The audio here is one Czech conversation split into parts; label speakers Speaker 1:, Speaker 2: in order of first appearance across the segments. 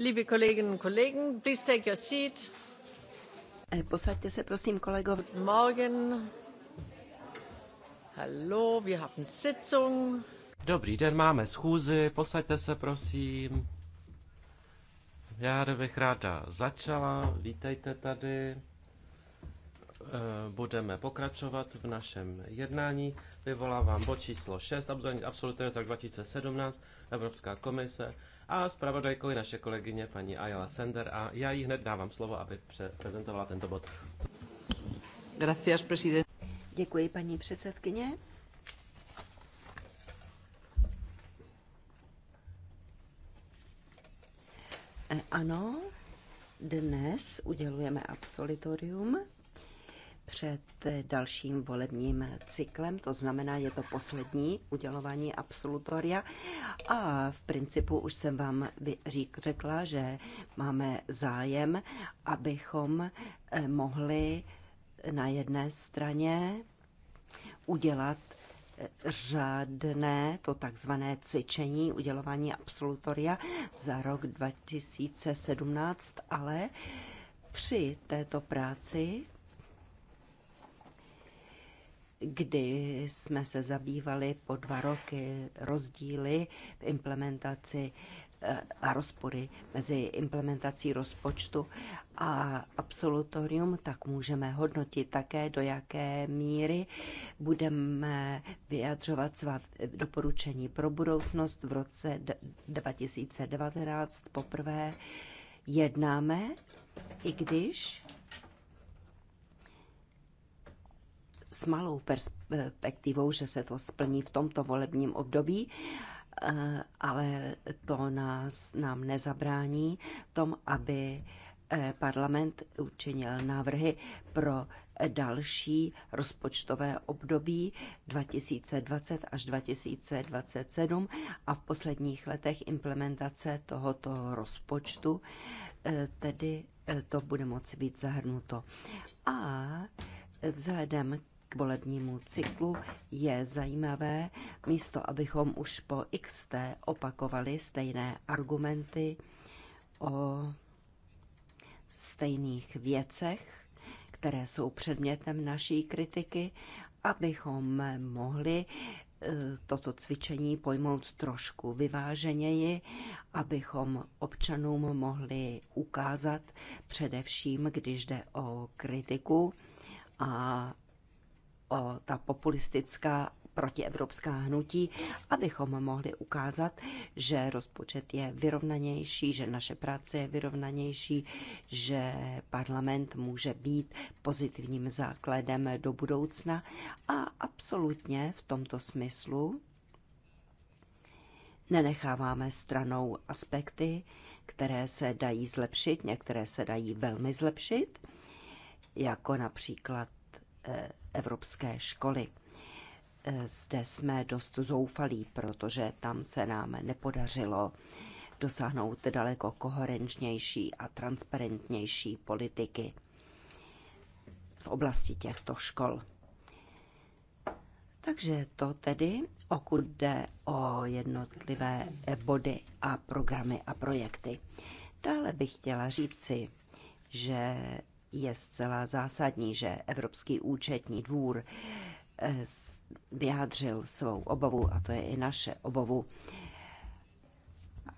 Speaker 1: Liebe Kolleginnen und Kollegen, please take your seat. Eh, posaďte se, prosím, kolegové. Morgen. Hallo, wir haben
Speaker 2: Sitzung. Dobrý den, máme schůzi, posaďte se, prosím. Já bych ráda začala, vítejte tady. Eh, budeme pokračovat v našem jednání. Vyvolávám bod číslo 6, absolutní za 2017, Evropská komise, a zpravodajkou je naše kolegyně paní Ayala Sender a já jí hned dávám slovo, aby prezentovala tento bod.
Speaker 1: Gracias, prezident. Děkuji, paní předsedkyně. Eh, ano, dnes udělujeme absolutorium před dalším volebním cyklem, to znamená, je to poslední udělování absolutoria. A v principu už jsem vám řekla, že máme zájem, abychom eh, mohli eh, na jedné straně udělat eh, řádné, to takzvané cvičení udělování absolutoria za rok 2017, ale při této práci kdy jsme se zabývali po dva roky rozdíly v implementaci eh, a rozpory mezi implementací rozpočtu a absolutorium, tak můžeme hodnotit také, do jaké míry budeme vyjadřovat svá doporučení pro budoucnost. V roce 2019 poprvé jednáme, i když s malou perspektivou, že se to splní v tomto volebním období, eh, ale to nás, nám nezabrání tom, aby eh, parlament učinil návrhy pro eh, další rozpočtové období 2020 až 2027 a v posledních letech implementace tohoto rozpočtu, tedy to bude moci být zahrnuto. A vzhledem volebnímu cyklu je zajímavé, místo abychom už po XT opakovali stejné argumenty o stejných věcech, které jsou předmětem naší kritiky, abychom mohli eh, toto cvičení pojmout trošku vyváženěji, abychom občanům mohli ukázat, především když jde o kritiku a o ta populistická protievropská hnutí, abychom mohli ukázat, že rozpočet je vyrovnanější, že naše práce je vyrovnanější, že parlament může být pozitivním základem do budoucna a absolutně v tomto smyslu nenecháváme stranou aspekty, které se dají zlepšit, některé se dají velmi zlepšit, jako například E, evropské školy. E, zde jsme dost zoufalí, protože tam se nám nepodařilo dosáhnout daleko koherenčnější a transparentnější politiky v oblasti těchto škol. Takže to tedy, pokud jde o jednotlivé body a programy a projekty. Dále bych chtěla říci, že je zcela zásadní, že Evropský účetní dvůr eh, vyjádřil svou obavu, a to je i naše obavu,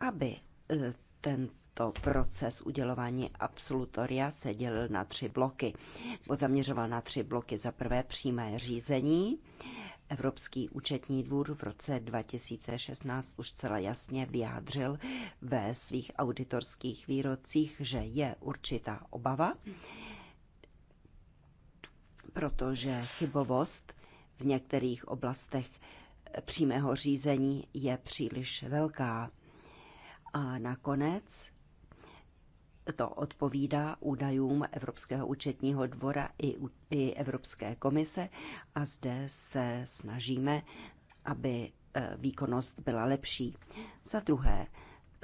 Speaker 1: aby eh, tento proces udělování absolutoria se dělil na tři bloky, bo zaměřoval na tři bloky. Za prvé přímé řízení, Evropský účetní dvůr v roce 2016 už celé jasně vyjádřil ve svých auditorských výrocích, že je určitá obava, protože chybovost v některých oblastech přímého řízení je příliš velká. A nakonec to odpovídá údajům Evropského účetního dvora i, i Evropské komise a zde se snažíme, aby e, výkonnost byla lepší. Za druhé,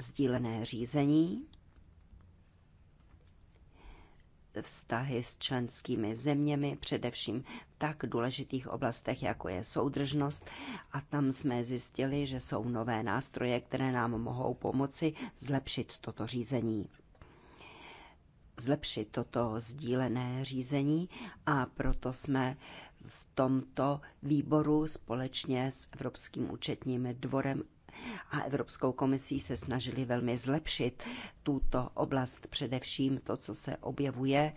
Speaker 1: sdílené řízení, vztahy s členskými zeměmi, především v tak důležitých oblastech, jako je soudržnost. A tam jsme zjistili, že jsou nové nástroje, které nám mohou pomoci zlepšit toto řízení zlepšit toto sdílené řízení a proto jsme v tomto výboru společně s Evropským účetním dvorem a Evropskou komisí se snažili velmi zlepšit tuto oblast, především to, co se objevuje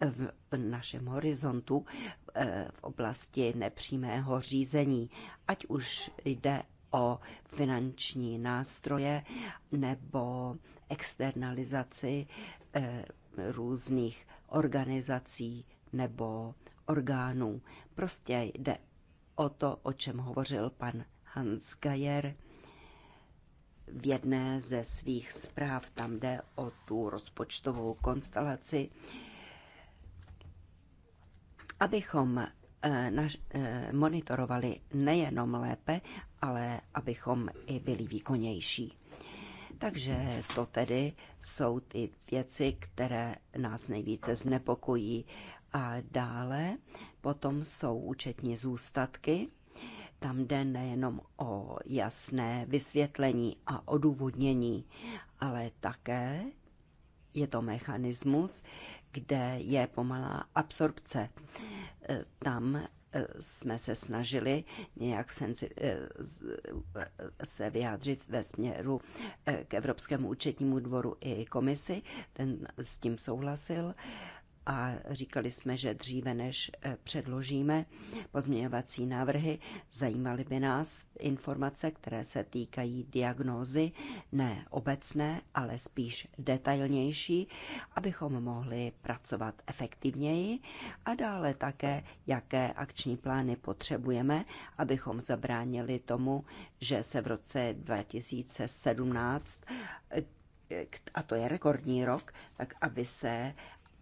Speaker 1: v našem horizontu eh, v oblasti nepřímého řízení, ať už jde o finanční nástroje nebo externalizaci eh, různých organizací nebo orgánů. Prostě jde o to, o čem hovořil pan Hans Geier. V jedné ze svých zpráv tam jde o tu rozpočtovou konstelaci. Abychom eh, naš, eh, monitorovali nejenom lépe, ale abychom i byli výkonnější. Takže to tedy jsou ty věci, které nás nejvíce znepokojí. A dále potom jsou účetní zůstatky. Tam jde nejenom o jasné vysvětlení a odůvodnění, ale také je to mechanismus, kde je pomalá absorpce. Tam jsme se snažili nějak eh, eh, se vyjádřit ve směru eh, k Evropskému účetnímu dvoru i komisi. Ten s tím souhlasil a říkali jsme, že dříve než eh, předložíme pozměňovací návrhy, zajímaly by nás informace, které se týkají diagnózy, ne obecné, ale spíš detailnější, abychom mohli pracovat efektivněji a dále také, jaké akční plány potřebujeme, abychom zabránili tomu, že se v roce 2017 eh, a to je rekordní rok, tak aby se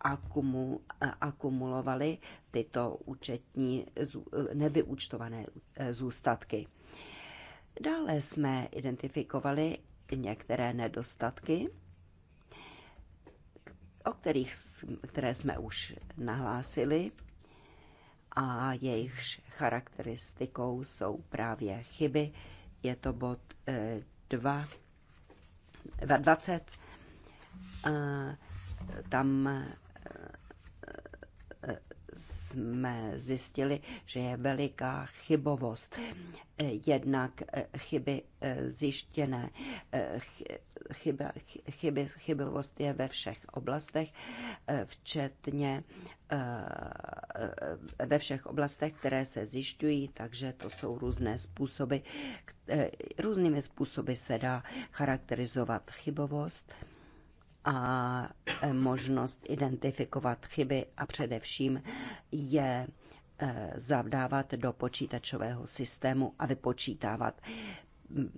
Speaker 1: akumu, eh, tyto účetní eh, nevyúčtované eh, zůstatky. Dále jsme identifikovali některé nedostatky, o kterých, které jsme už nahlásili a jejichž charakteristikou jsou právě chyby. Je to bod 2, 20. Tam jsme zjistili, že je veliká chybovost. Jednak chyby eh, zjištěné, eh, chyba, chyby, chybovost je ve všech oblastech, eh, včetně ve všech oblastech, které se zjišťují, takže to jsou různé způsoby. Různými způsoby se dá charakterizovat chybovost a e, možnost identifikovat chyby a především je e, zavdávat do počítačového systému a vypočítávat.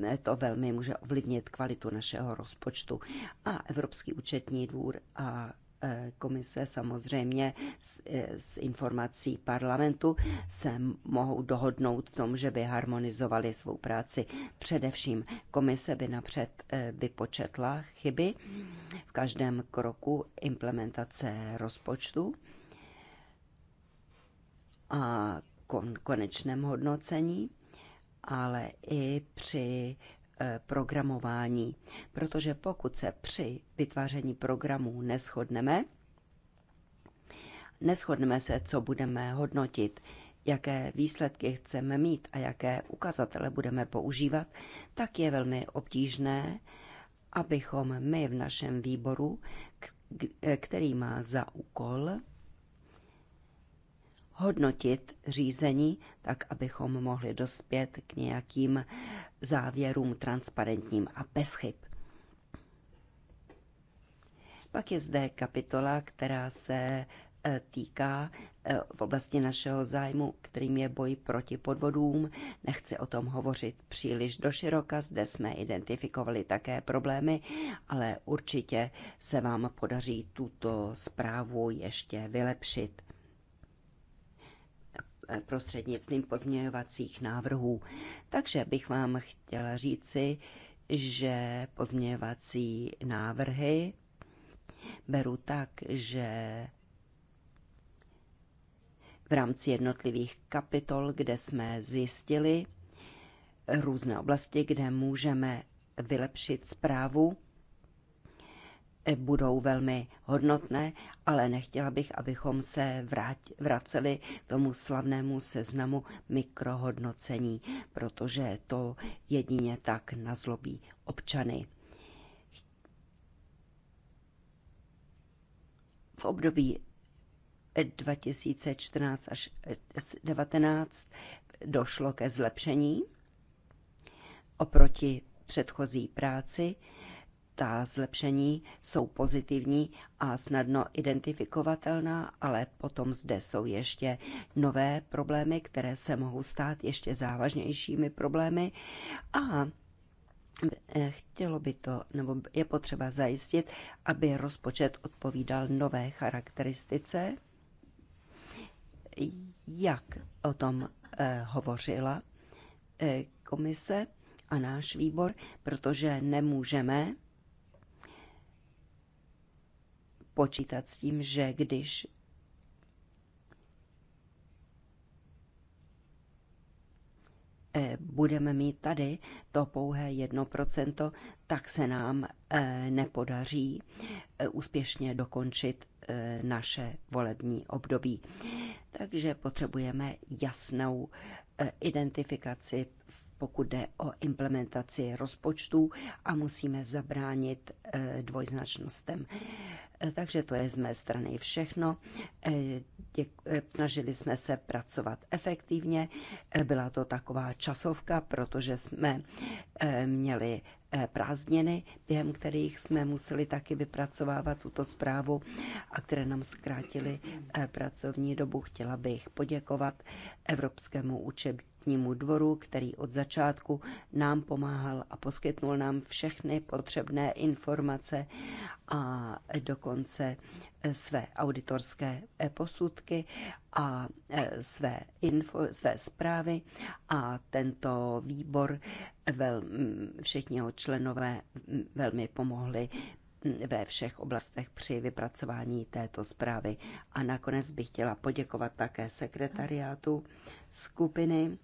Speaker 1: E, to velmi může ovlivnit kvalitu našeho rozpočtu. A Evropský účetní dvůr a Eh, komise samozřejmě s, eh, s informací parlamentu se mohou dohodnout v tom, že by harmonizovali svou práci. Především komise by napřed vypočetla eh, chyby v každém kroku implementace rozpočtu a kon, konečném hodnocení, ale i při Eh, programování. Protože pokud se při vytváření programů neschodneme, neschodneme se, co budeme hodnotit, jaké výsledky chceme mít a jaké ukazatele budeme používat, tak je velmi obtížné, abychom my v našem výboru, eh, který má za úkol hodnotit řízení, tak abychom mohli dospět k nějakým závěrům transparentním a bez chyb. Pak je zde kapitola, která se e, týká e, v oblasti našeho zájmu, kterým je boj proti podvodům. Nechci o tom hovořit příliš doširoka, zde jsme identifikovali také problémy, ale určitě se vám podaří tuto zprávu ještě vylepšit prostřednictvím pozměňovacích návrhů. Takže bych vám chtěla říci, že pozměňovací návrhy beru tak, že v rámci jednotlivých kapitol, kde jsme zjistili různé oblasti, kde můžeme vylepšit zprávu, budou velmi hodnotné, ale nechtěla bych, abychom se vrát, vraceli k tomu slavnému seznamu mikrohodnocení, protože to jedině tak nazlobí občany. V období 2014 až 2019 došlo ke zlepšení oproti předchozí práci ta zlepšení jsou pozitivní a snadno identifikovatelná, ale potom zde jsou ještě nové problémy, které se mohou stát ještě závažnějšími problémy a eh, Chtělo by to, nebo je potřeba zajistit, aby rozpočet odpovídal nové charakteristice, jak o tom eh, hovořila eh, komise a náš výbor, protože nemůžeme počítat s tím, že když eh, budeme mít tady to pouhé 1%, tak se nám eh, nepodaří eh, úspěšně dokončit naše volební období. Takže potřebujeme jasnou identifikaci, pokud jde o implementaci rozpočtů a musíme zabránit dvojznačnostem. Eh, takže to je z mé strany všechno. Eh, eh, snažili jsme se pracovat efektivně. Byla to taková časovka, protože jsme měli prázdniny, během kterých jsme museli taky vypracovávat tuto zprávu a které nám zkrátily pracovní dobu. Chtěla bych poděkovat Evropskému učebnímu účetnímu dvoru, který od začátku nám pomáhal a poskytnul nám všechny potřebné informace a dokonce eh, své auditorské eh, posudky a eh, své, info, své zprávy a tento výbor, mm, všichni jeho členové mm, velmi pomohli mm, ve všech oblastech při vypracování této zprávy. A nakonec bych chtěla poděkovat také sekretariátu skupiny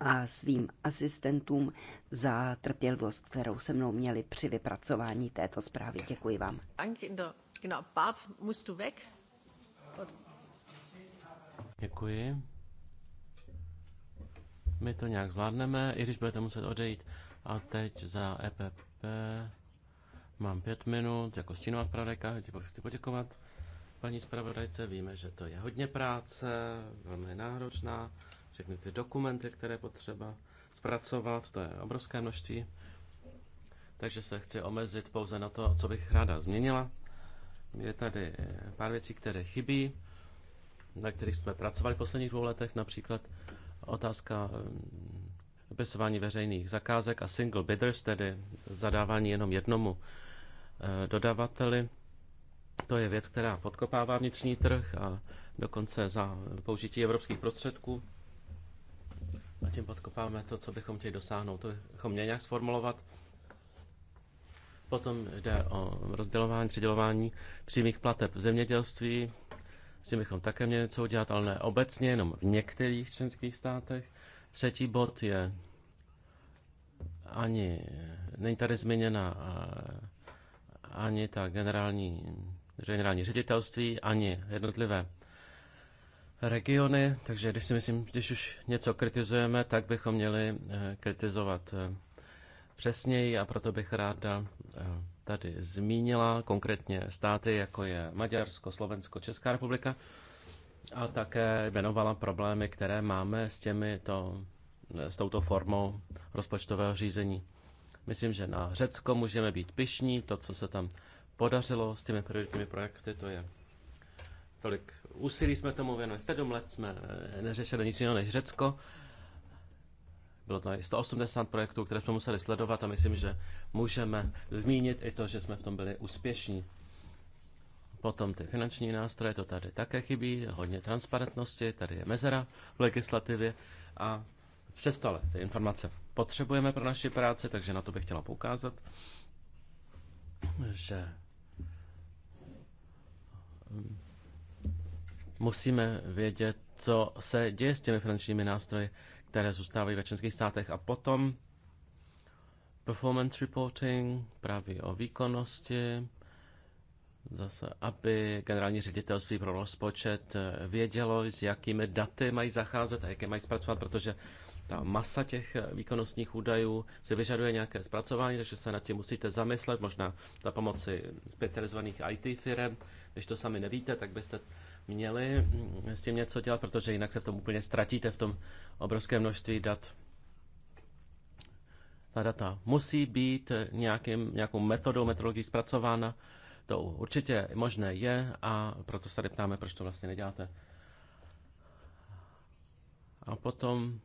Speaker 1: a svým asistentům za trpělivost, kterou se mnou měli při vypracování této zprávy.
Speaker 2: Děkuji vám. Děkuji. My to nějak zvládneme, i když budete muset odejít. A teď za EPP mám pět minut jako stínová zpravodajka. Chci poděkovat paní zpravodajce. Víme, že to je hodně práce, velmi náročná všechny ty dokumenty, které potřeba zpracovat, to je obrovské množství. Takže se chci omezit pouze na to, co bych ráda změnila. Je tady pár věcí, které chybí, na kterých jsme pracovali v posledních dvou letech, například otázka eh, vypisování veřejných zakázek a single bidders, tedy zadávání jenom jednomu eh, dodavateli. To je věc, která podkopává vnitřní trh a dokonce za použití evropských prostředků a tím podkopáme to, co bychom chtěli dosáhnout. To bychom měli nějak sformulovat. Potom jde o rozdělování, přidělování přímých plateb v zemědělství. S tím bychom také měli něco udělat, ale ne obecně, jenom v některých členských státech. Třetí bod je ani, není tady zmíněna eh, ani ta generální, generální ředitelství, ani jednotlivé regiony, takže když si myslím, když už něco kritizujeme, tak bychom měli eh, kritizovat eh, přesněji a proto bych ráda eh, tady zmínila konkrétně státy, jako je Maďarsko, Slovensko, Česká republika a také jmenovala problémy, které máme s, těmi to s touto formou rozpočtového řízení. Myslím, že na Řecko můžeme být pišní, to, co se tam podařilo s těmi prioritními projekty, to je Tolik úsilí jsme tomu věnovali. Sedm let jsme eh, neřešili nic jiného než Řecko. Bylo to 180 projektů, které jsme museli sledovat a myslím, že můžeme zmínit i to, že jsme v tom byli úspěšní. Potom ty finanční nástroje, to tady také chybí, hodně transparentnosti, tady je mezera v legislativě a přesto ale ty informace potřebujeme pro naši práci, takže na to bych chtěla poukázat, že Musíme vědět, co se děje s těmi finančními nástroji, které zůstávají ve členských státech. A potom performance reporting, právě o výkonnosti, zase, aby generální ředitelství pro rozpočet eh, vědělo, s jakými daty mají zacházet a jaké mají zpracovat, protože ta masa těch eh, výkonnostních údajů si vyžaduje nějaké zpracování, takže se nad tím musíte zamyslet, možná za pomoci specializovaných IT firm, když to sami nevíte, tak byste měli mm, s tím něco dělat, protože jinak se v tom úplně ztratíte, v tom obrovském množství dat. Ta data musí být nějakým, nějakou metodou, metodologií zpracována. To určitě možné je a proto se tady ptáme, proč to vlastně neděláte. A potom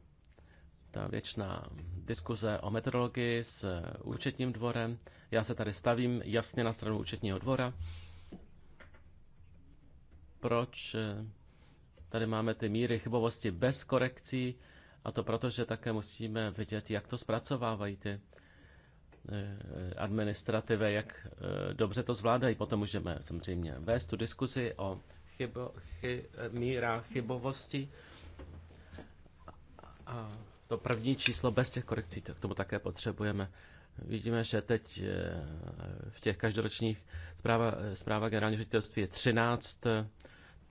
Speaker 2: ta věčná diskuze o metodologii s účetním dvorem. Já se tady stavím jasně na stranu účetního dvora proč eh, tady máme ty míry chybovosti bez korekcí, a to proto, že také musíme vidět, jak to zpracovávají ty eh, administrativy, jak eh, dobře to zvládají. Potom můžeme samozřejmě vést tu diskuzi o chybo, chy, mírách chybovosti. A to první číslo bez těch korekcí, tak tomu také potřebujeme. Vidíme, že teď v těch každoročních zpráva, zpráva generálního ředitelství je 13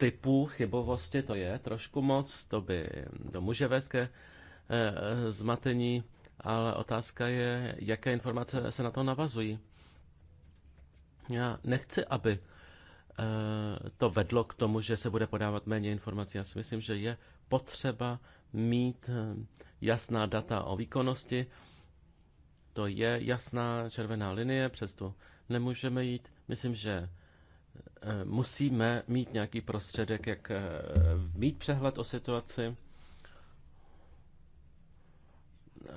Speaker 2: typů chybovosti, to je trošku moc, to by to může vést ke eh, eh, zmatení, ale otázka je, jaké informace se na to navazují. Já nechci, aby eh, to vedlo k tomu, že se bude podávat méně informací. Já si myslím, že je potřeba mít jasná data o výkonnosti. To je jasná červená linie, přes tu nemůžeme jít. Myslím, že Eh, musíme mít nějaký prostředek, jak eh, mít přehled o situaci,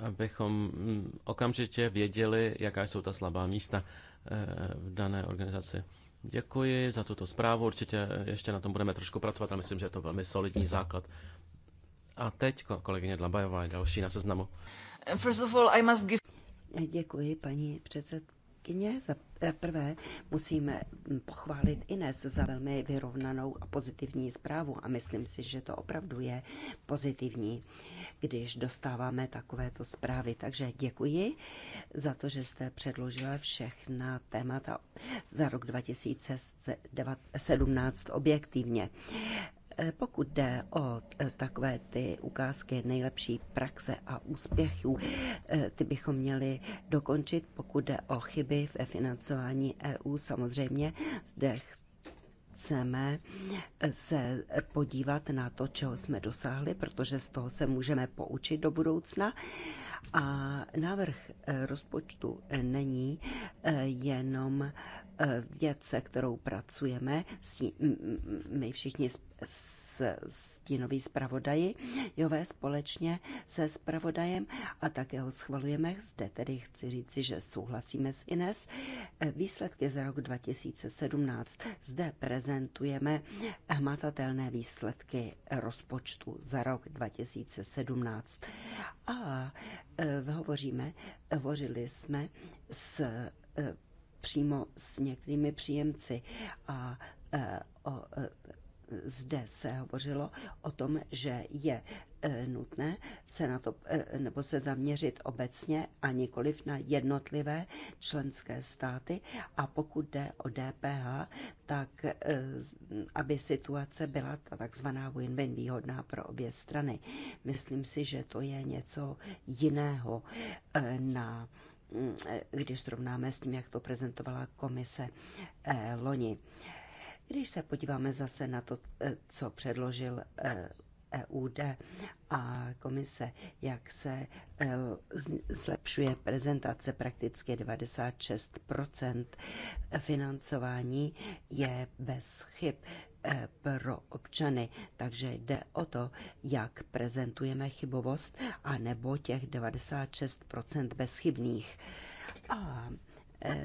Speaker 2: abychom mm, okamžitě věděli, jaká jsou ta slabá místa eh, v dané organizaci. Děkuji za tuto zprávu, určitě ještě na tom budeme trošku pracovat, ale myslím, že je to velmi solidní základ. A teď kolegyně Dlabajová je další na seznamu.
Speaker 1: First of all, I must give... Děkuji, paní předsed, předsedkyně. Za eh, prvé musíme pochválit Ines za velmi vyrovnanou a pozitivní zprávu a myslím si, že to opravdu je pozitivní, když dostáváme takovéto zprávy. Takže děkuji za to, že jste předložila všechna témata za rok 2017 objektivně. Eh, pokud jde o eh, takové ty ukázky nejlepší praxe a úspěchů, eh, ty bychom měli dokončit. Pokud jde o chyby ve financování EU, samozřejmě zde chceme se podívat na to, čeho jsme dosáhli, protože z toho se můžeme poučit do budoucna. A návrh rozpočtu není jenom Eh, vědce, kterou pracujeme, my všichni stínoví zpravodaji, Jové společně se zpravodajem a také ho schvalujeme. Zde tedy chci říci, že souhlasíme s Ines. Eh, výsledky za rok 2017. Zde prezentujeme hmatatelné výsledky rozpočtu za rok 2017. A eh, hovoříme, hovořili jsme s přímo s některými příjemci. A e, o, e, zde se hovořilo o tom, že je e, nutné se na to, nebo se zaměřit obecně a nikoliv na jednotlivé členské státy. A pokud jde o DPH, tak aby situace byla ta takzvaná win-win výhodná pro obě strany. Myslím si, že to je něco jiného na Eh, když srovnáme s tím, jak to prezentovala komise eh, loni. Když se podíváme zase na to, eh, co předložil EUD e a komise, jak se zlepšuje prezentace prakticky 96 financování je bez chyb. Eh, pro občany. Takže jde o to, jak prezentujeme chybovost a nebo těch 96 bezchybných. A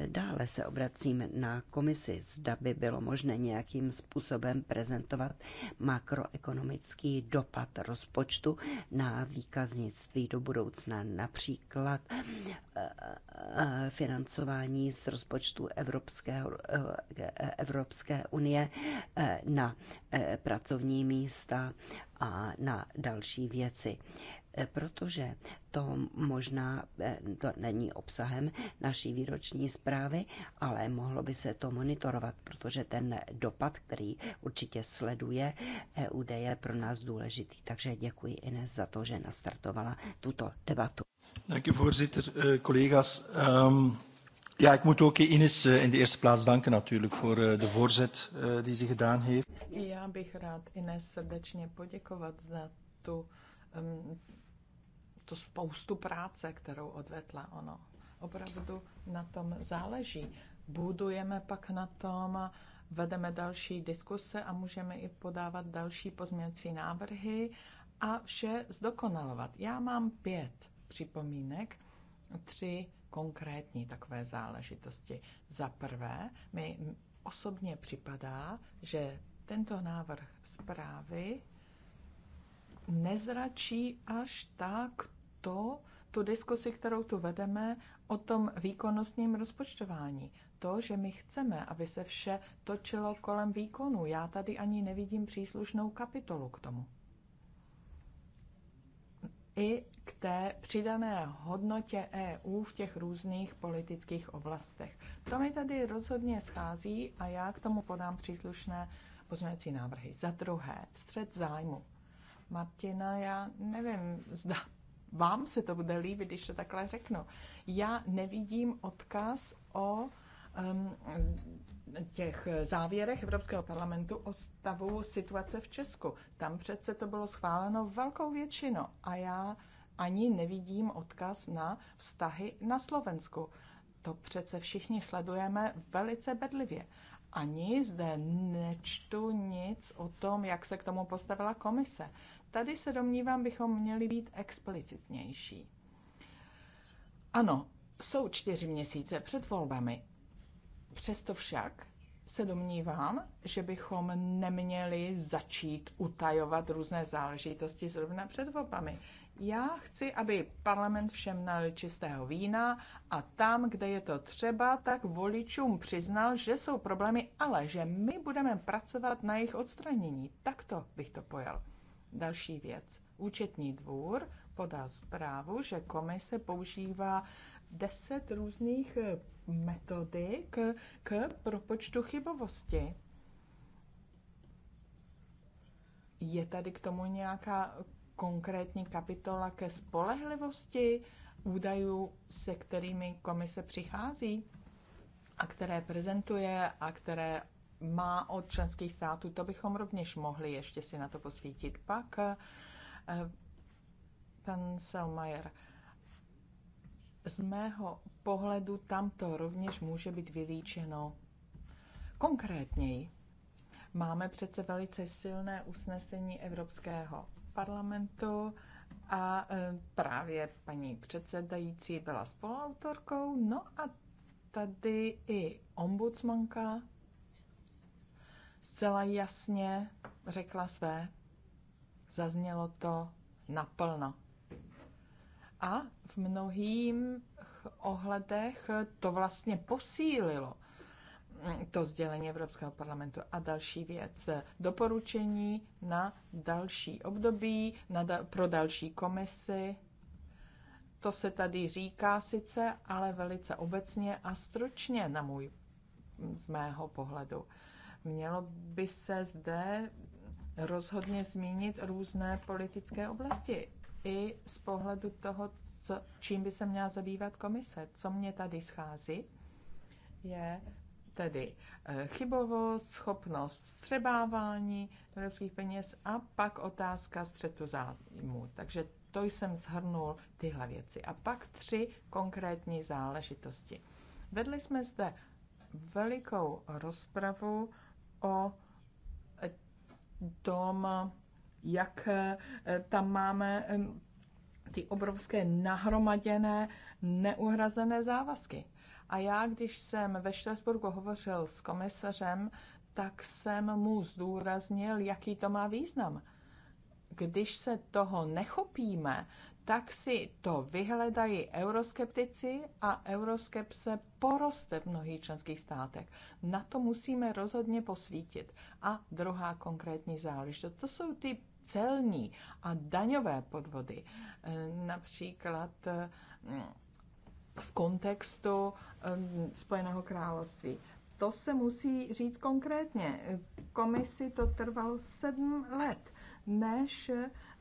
Speaker 1: Dále se obracím na komisi, zda by bylo možné nějakým způsobem prezentovat makroekonomický dopad rozpočtu na výkaznictví do budoucna, například eh, eh, financování z rozpočtu Evropské, eh, Evropské unie na pracovní místa a na další věci. Eh, protože to možná eh, to není obsahem naší výroční zprávy, ale mohlo by se to monitorovat, protože ten dopad, který určitě sleduje EUD, je pro nás důležitý. Takže děkuji Ines za to, že nastartovala tuto debatu.
Speaker 3: Děkuji, voorzitter, kolegas. Eh, um... Ehm, ja, ik moet ook Ines in de eerste plaats
Speaker 2: danken natuurlijk voor de voorzet die ze gedaan heeft.
Speaker 3: Ja, bych rád Ines srdečně poděkovat za tu um, to spoustu práce, kterou odvetla ono. Opravdu na tom záleží. Budujeme pak na tom, vedeme další diskuse a můžeme i podávat další pozměňovací návrhy a vše zdokonalovat. Já mám pět připomínek, tři konkrétní takové záležitosti. Za prvé, mi osobně připadá, že tento návrh zprávy nezračí až tak to, tu diskusi, kterou tu vedeme o tom výkonnostním rozpočtování. To, že my chceme, aby se vše točilo kolem výkonu. Já tady ani nevidím příslušnou kapitolu k tomu. I k té přidané hodnotě EU v těch různých politických oblastech. To mi tady rozhodně schází a já k tomu podám příslušné pozměňovací návrhy. Za druhé, střed zájmu. Martina, já nevím, zda vám se to bude líbit, když to takhle řeknu. Já nevidím odkaz o um, těch závěrech Evropského parlamentu o stavu situace v Česku. Tam přece to bylo schváleno velkou většinou a já ani nevidím odkaz na vztahy na Slovensku. To přece všichni sledujeme velice bedlivě. Ani zde nečtu nic o tom, jak se k tomu postavila komise. Tady se domnívám, bychom měli být explicitnější. Ano, jsou čtyři měsíce před volbami. Přesto však se domnívám, že bychom neměli začít utajovat různé záležitosti zrovna před volbami. Já chci, aby parlament všem nalil čistého vína a tam, kde je to třeba, tak voličům přiznal, že jsou problémy, ale že my budeme pracovat na jejich odstranění. Takto bych to pojal. Další věc. Účetní dvůr podal zprávu, že komise používá deset různých eh, metodik k propočtu chybovosti. Je tady k tomu nějaká konkrétní kapitola ke spolehlivosti údajů, se kterými komise přichází a které prezentuje a které má od členských států. To bychom rovněž mohli ještě si na to posvítit. Pak eh, pan Selmayer, z mého pohledu tam to rovněž může být vylíčeno konkrétněji. Máme přece velice silné usnesení Evropského parlamentu a eh, právě paní předsedající byla spoluautorkou, no a tady i ombudsmanka zcela jasně řekla své. Zaznělo to naplno. A v mnohých ohledech to vlastně posílilo to sdělení Evropského parlamentu. A další věc, doporučení na další období, na da- pro další komisi. To se tady říká sice, ale velice obecně a stručně na můj, z mého pohledu. Mělo by se zde rozhodně zmínit různé politické oblasti. I z pohledu toho, co, čím by se měla zabývat komise. Co mě tady schází, je tedy eh, chybovost, schopnost střebávání evropských peněz a pak otázka střetu zájmu. Takže to jsem zhrnul tyhle věci. A pak tři konkrétní záležitosti. Vedli jsme zde velikou rozpravu o eh, tom, jak eh, tam máme ty obrovské nahromaděné neuhrazené závazky. A já, když jsem ve Štrasburku hovořil s komisařem, tak jsem mu zdůraznil, jaký to má význam. Když se toho nechopíme, tak si to vyhledají euroskeptici a euroskepse poroste v mnohých členských státech. Na to musíme rozhodně posvítit. A druhá konkrétní záležitost, to jsou ty celní a daňové podvody. E, například e, v kontextu e, Spojeného království. To se musí říct konkrétně. Komisi to trvalo sedm let, než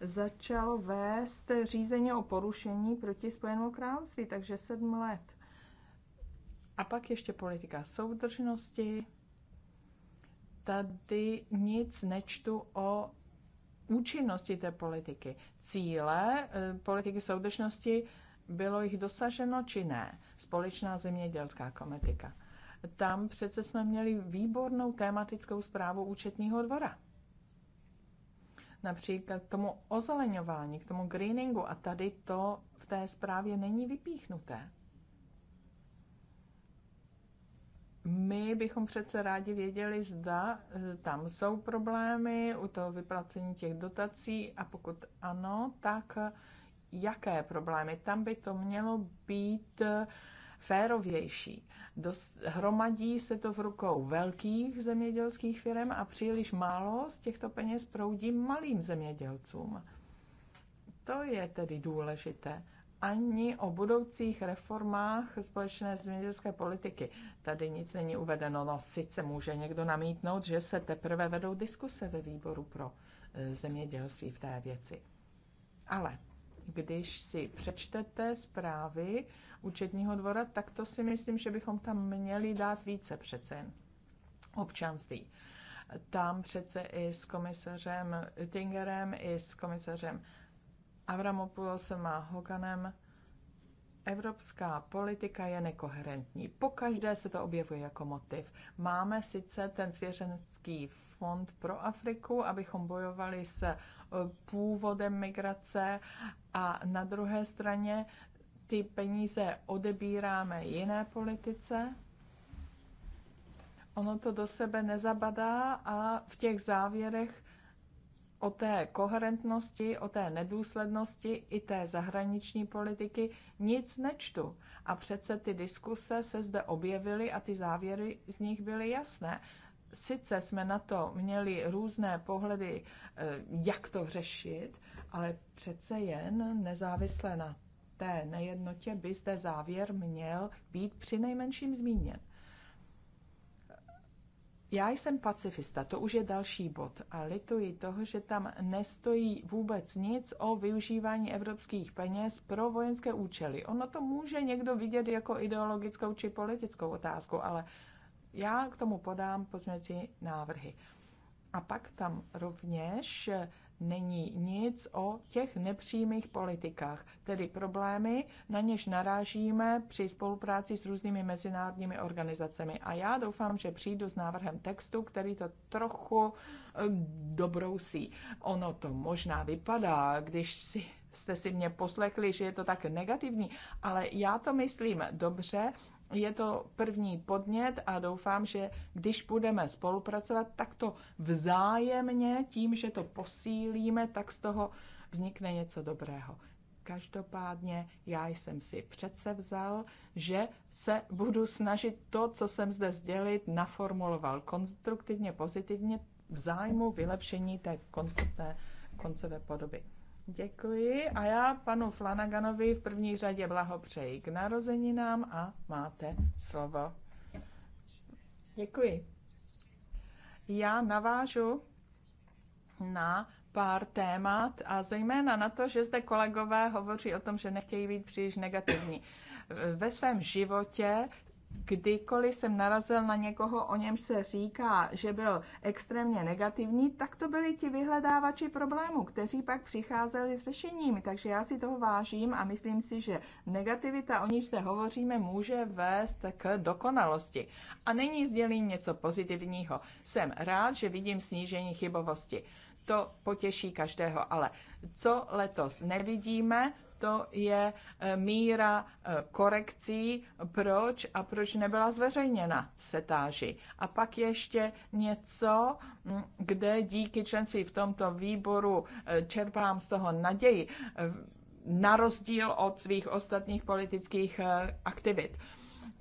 Speaker 3: začal vést řízení o porušení proti Spojenému království, takže sedm let. A pak ještě politika soudržnosti. Tady nic nečtu o účinnosti té politiky. Cíle eh, politiky soudržnosti bylo jich dosaženo či ne? Společná zemědělská kometika. Tam přece jsme měli výbornou tématickou zprávu účetního dvora například k tomu ozeleňování, k tomu greeningu a tady to v té zprávě není vypíchnuté. My bychom přece rádi věděli, zda eh, tam jsou problémy u toho vyplacení těch dotací a pokud ano, tak eh, jaké problémy. Tam by to mělo být uh, férovější. Dost, hromadí se to v rukou velkých zemědělských firm a příliš málo z těchto peněz proudí malým zemědělcům. To je tedy důležité. Ani o budoucích reformách společné zemědělské politiky tady nic není uvedeno. No sice může někdo namítnout, že se teprve vedou diskuse ve výboru pro e, zemědělství v té věci. Ale když si přečtete zprávy účetního dvora, tak to si myslím, že bychom tam měli dát více přece jen občanství. Tam přece i s komisařem Tingerem, i s komisařem Avramopoulosem a Hoganem Evropská politika je nekoherentní. každé se to objevuje jako motiv. Máme sice ten svěřenský fond pro Afriku, abychom bojovali s původem migrace a na druhé straně ty peníze odebíráme jiné politice, ono to do sebe nezabadá a v těch závěrech o té koherentnosti, o té nedůslednosti i té zahraniční politiky nic nečtu. A přece ty diskuse se zde objevily a ty závěry z nich byly jasné. Sice jsme na to měli různé pohledy, eh, jak to řešit, ale přece jen nezávisle na té nejednotě by zde závěr měl být při nejmenším zmíněn. Já jsem pacifista, to už je další bod a lituji toho, že tam nestojí vůbec nic o využívání evropských peněz pro vojenské účely. Ono to může někdo vidět jako ideologickou či politickou otázku, ale já k tomu podám pozměňující návrhy. A pak tam rovněž není nic o těch nepřímých politikách, tedy problémy, na něž narážíme při spolupráci s různými mezinárodními organizacemi. A já doufám, že přijdu s návrhem textu, který to trochu eh, dobrousí. Ono to možná vypadá, když si jste si mě poslechli, že je to tak negativní, ale já to myslím dobře je to první podnět a doufám, že když budeme spolupracovat tak to vzájemně, tím, že to posílíme, tak z toho vznikne něco dobrého. Každopádně já jsem si přece vzal, že se budu snažit to, co jsem zde sdělit, naformuloval konstruktivně, pozitivně v zájmu vylepšení té koncové, koncové podoby. Děkuji a já panu Flanaganovi v první řadě blahopřeji k narozeninám a máte slovo. Děkuji. Já navážu na pár témat a zejména na to, že zde kolegové hovoří o tom, že nechtějí být příliš negativní. Ve svém životě kdykoliv jsem narazil na někoho, o němž se říká, že byl extrémně negativní, tak to byli ti vyhledávači problémů, kteří pak přicházeli s řešením. Takže já si toho vážím a myslím si, že negativita, o níž se hovoříme, může vést k dokonalosti. A nyní sdělím něco pozitivního. Jsem rád, že vidím snížení chybovosti. To potěší každého, ale co letos nevidíme, to je eh, míra eh, korekcí, proč a proč nebyla zveřejněna setáži. A pak ještě něco, hm, kde díky členství v tomto výboru eh, čerpám z toho naději, na rozdíl od svých ostatních politických aktivit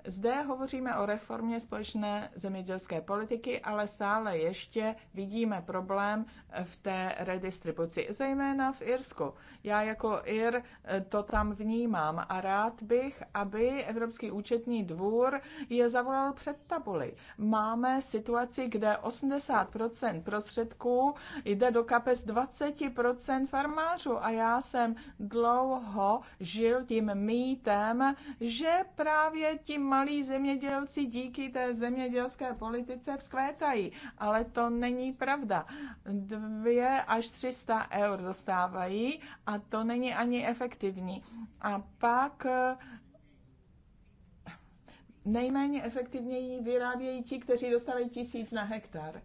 Speaker 3: zde hovoříme o reformě společné zemědělské politiky, ale stále ještě vidíme problém v té redistribuci, zejména v Irsku. Já jako Ir to tam vnímám a rád bych, aby Evropský účetní dvůr je zavolal před tabuli. Máme situaci, kde 80% prostředků jde do kapes 20% farmářů a já jsem dlouho žil tím mýtem, že právě tím malí zemědělci díky té zemědělské politice vzkvétají, ale to není pravda. Dvě až 300 eur dostávají a to není ani efektivní. A pak eh, nejméně efektivněji vyrábějí ti, kteří dostávají tisíc na hektar.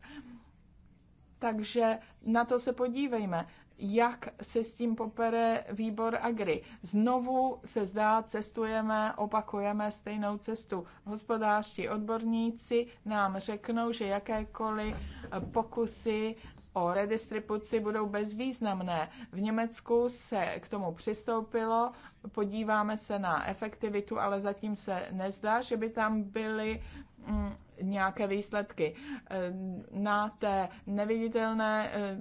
Speaker 3: Takže na to se podívejme jak se s tím popere výbor Agri. Znovu se zdá, cestujeme, opakujeme stejnou cestu. Hospodářští odborníci nám řeknou, že jakékoliv pokusy o redistribuci budou bezvýznamné. V Německu se k tomu přistoupilo, podíváme se na efektivitu, ale zatím se nezdá, že by tam byly mm, nějaké výsledky. E, na té neviditelné e,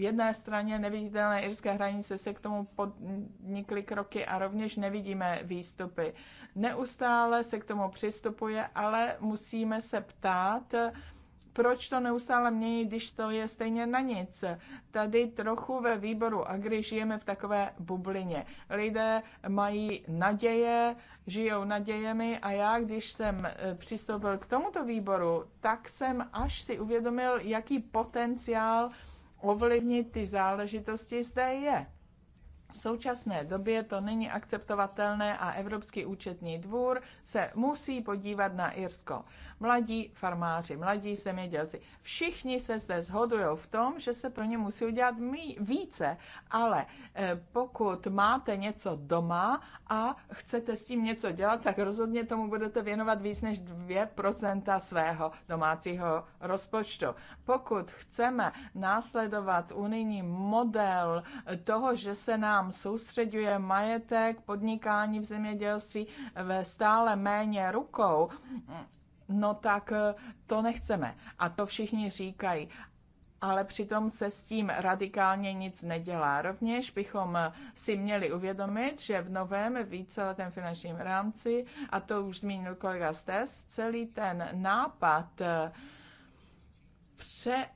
Speaker 3: jedné straně neviditelné irské hranice se k tomu podnikly kroky a rovněž nevidíme výstupy. Neustále se k tomu přistupuje, ale musíme se ptát, proč to neustále mění, když to je stejně na nic. Tady trochu ve výboru Agri žijeme v takové bublině. Lidé mají naděje, žijou nadějemi a já, když jsem e, přistoupil k tomuto výboru, tak jsem až si uvědomil, jaký potenciál ovlivnit ty záležitosti zde je. V současné době to není akceptovatelné a Evropský účetní dvůr se musí podívat na Irsko mladí farmáři, mladí zemědělci. Všichni se zde shodují v tom, že se pro ně musí udělat mý více, ale eh, pokud máte něco doma a chcete s tím něco dělat, tak rozhodně tomu budete věnovat víc než 2% svého domácího rozpočtu. Pokud chceme následovat unijní model eh, toho, že se nám soustředuje majetek, podnikání v zemědělství eh, ve stále méně rukou, no tak eh, to nechceme. A to všichni říkají. Ale přitom se s tím radikálně nic nedělá. Rovněž bychom eh, si měli uvědomit, že v novém víceletém finančním rámci, a to už zmínil kolega Stes, celý ten nápad eh, pře,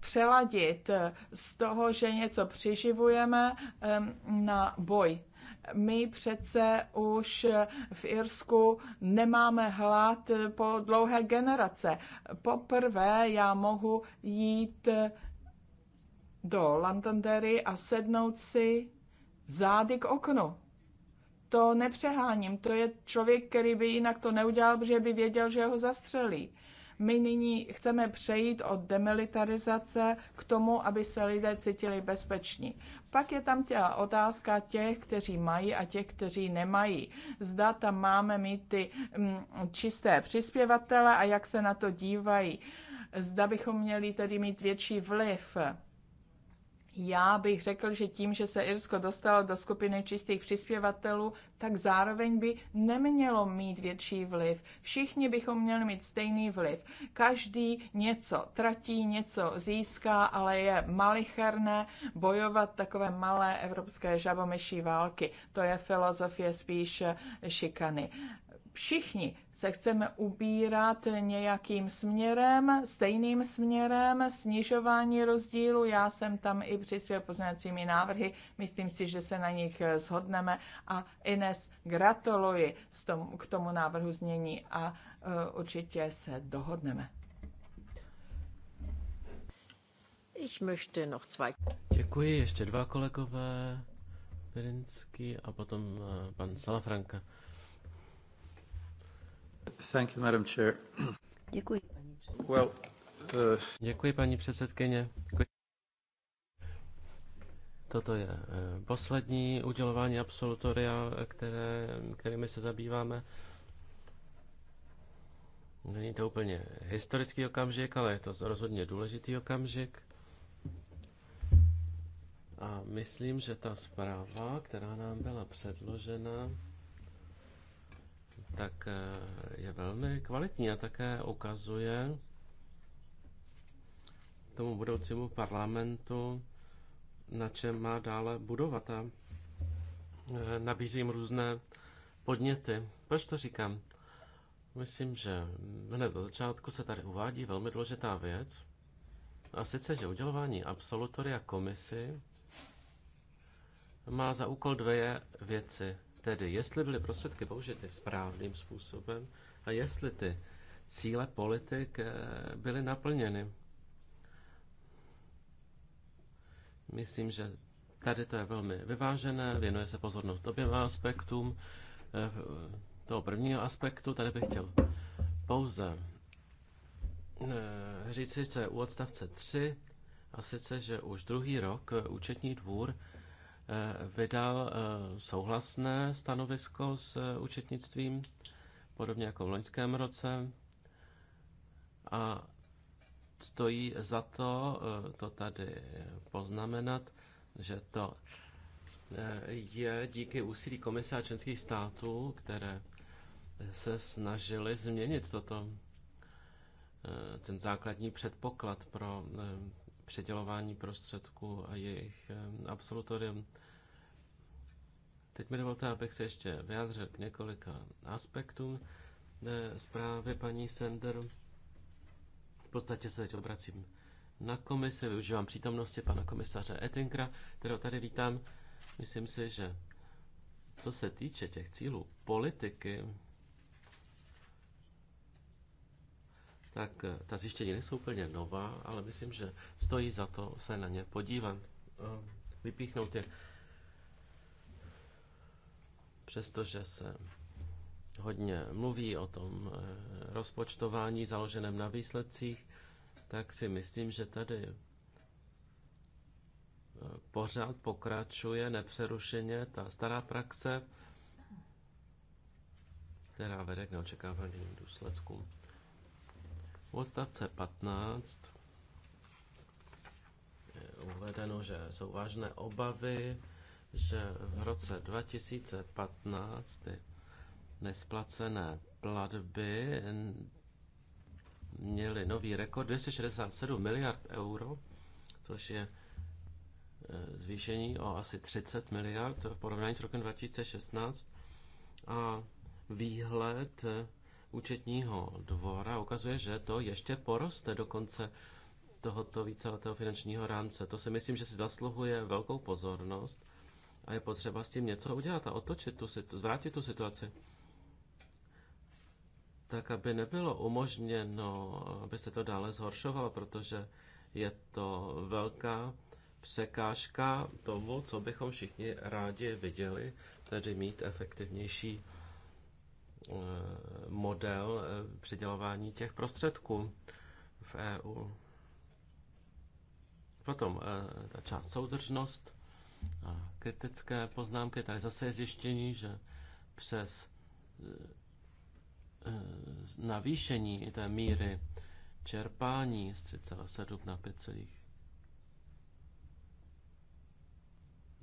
Speaker 3: přeladit z toho, že něco přiživujeme na boj my přece už v Irsku nemáme hlad po dlouhé generace. Poprvé já mohu jít do Londonderry a sednout si zády k oknu. To nepřeháním, to je člověk, který by jinak to neudělal, protože by věděl, že ho zastřelí. My nyní chceme přejít od demilitarizace k tomu, aby se lidé cítili bezpeční. Pak je tam tě otázka těch, kteří mají a těch, kteří nemají. Zda tam máme mít ty mm, čisté přispěvatele a jak se na to dívají. Zda bychom měli tedy mít větší vliv já bych řekl, že tím, že se Irsko dostalo do skupiny čistých přispěvatelů, tak zároveň by nemělo mít větší vliv. Všichni bychom měli mít stejný vliv. Každý něco tratí, něco získá, ale je malicherné bojovat takové malé evropské žabomyší války. To je filozofie spíš šikany všichni se chceme ubírat nějakým směrem, stejným směrem, snižování rozdílu. Já jsem tam i přispěl poznacími návrhy, myslím si, že se na nich eh, shodneme a Ines gratuluji k tomu návrhu změní a eh, určitě se dohodneme. Ich möchte noch zwei.
Speaker 2: Děkuji, ještě dva kolegové, Pirinský a potom eh, pan Salafranka. Thank you, Madam Chair. Děkuji, předsedkyně. Well, uh... Děkuji, paní předsedkyně. Toto je eh, poslední udělování absolutoria, které, kterými se zabýváme. Není to úplně historický okamžik, ale je to rozhodně důležitý okamžik. A myslím, že ta zpráva, která nám byla předložena, tak eh, je velmi kvalitní a také ukazuje tomu budoucímu parlamentu, na čem má dále budovat a eh, nabízí jim různé podněty. Proč to říkám? Myslím, že hned od začátku se tady uvádí velmi důležitá věc, a sice, že udělování absolutoria komisi má za úkol dvě věci. Tedy, jestli byly prostředky použity správným způsobem a jestli ty cíle politik eh, byly naplněny. Myslím, že tady to je velmi vyvážené, věnuje se pozornost oběma aspektům. Eh, toho prvního aspektu tady bych chtěl pouze eh, říci, co je u odstavce 3, a sice, že už druhý rok účetní dvůr Eh, vydal eh, souhlasné stanovisko s eh, účetnictvím, podobně jako v loňském roce. A stojí za to to tady poznamenat, že to je díky úsilí Komise a členských států, které se snažili změnit toto, ten základní předpoklad pro předělování prostředků a jejich eh, absolutorium. Teď mi dovolte, abych se ještě vyjádřil k několika aspektům eh, zprávy paní Sender. V podstatě se teď obracím na komisi, využívám přítomnosti pana komisaře Ettingera, kterého tady vítám. Myslím si, že co se týče těch cílů politiky, tak eh, ta zjištění nejsou úplně nová, ale myslím, že stojí za to se na ně podívat, eh, vypíchnout je. Přestože se hodně mluví o tom eh, rozpočtování založeném na výsledcích, tak si myslím, že tady pořád pokračuje nepřerušeně ta stará praxe, která vede k neočekávaným důsledkům odstavce 15 je uvedeno, že jsou vážné obavy, že v roce 2015 ty nesplacené platby měly nový rekord 267 miliard euro, což je e, zvýšení o asi 30 miliard v porovnání s rokem 2016 a výhled účetního dvora ukazuje, že to ještě poroste do konce tohoto víceletého finančního rámce. To si myslím, že si zasluhuje velkou pozornost a je potřeba s tím něco udělat a otočit tu situaci, zvrátit tu situaci. Tak, aby nebylo umožněno, aby se to dále zhoršovalo, protože je to velká překážka tomu, co bychom všichni rádi viděli, tedy mít efektivnější Eh, model eh, přidělování těch prostředků v EU. Potom eh, ta část soudržnost a kritické poznámky. Tady zase je zjištění, že přes navýšení té míry čerpání z 3,7 na 5,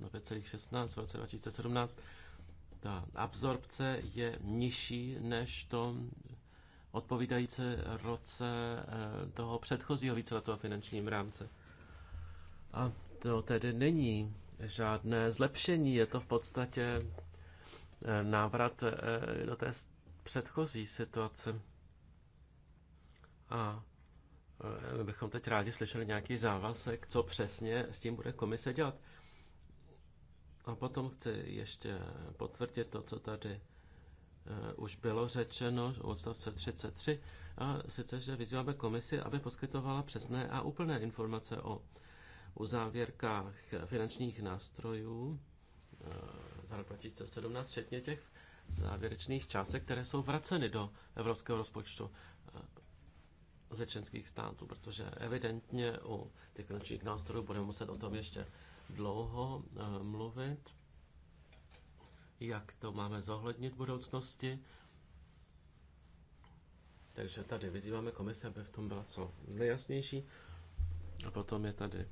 Speaker 2: na 5,16 v roce 2017 ta absorpce je nižší než to odpovídající roce eh, toho předchozího víceletého finančním rámce. A to tedy není žádné zlepšení, je to v podstatě eh, návrat eh, do té předchozí situace. A my bychom teď rádi slyšeli nějaký závazek, co přesně s tím bude komise dělat. A potom chci ještě potvrdit to, co tady eh, už bylo řečeno v odstavce 33, a sice, že vyzýváme komisi, aby poskytovala přesné a úplné informace o uzávěrkách finančních nástrojů eh, za rok 2017, včetně těch závěrečných částek, které jsou vraceny do evropského rozpočtu eh, ze členských států, protože evidentně u těch finančních nástrojů budeme muset o tom ještě dlouho eh, mluvit, jak to máme zohlednit v budoucnosti. Takže tady vyzýváme komise, aby v tom byla co nejjasnější. A potom je tady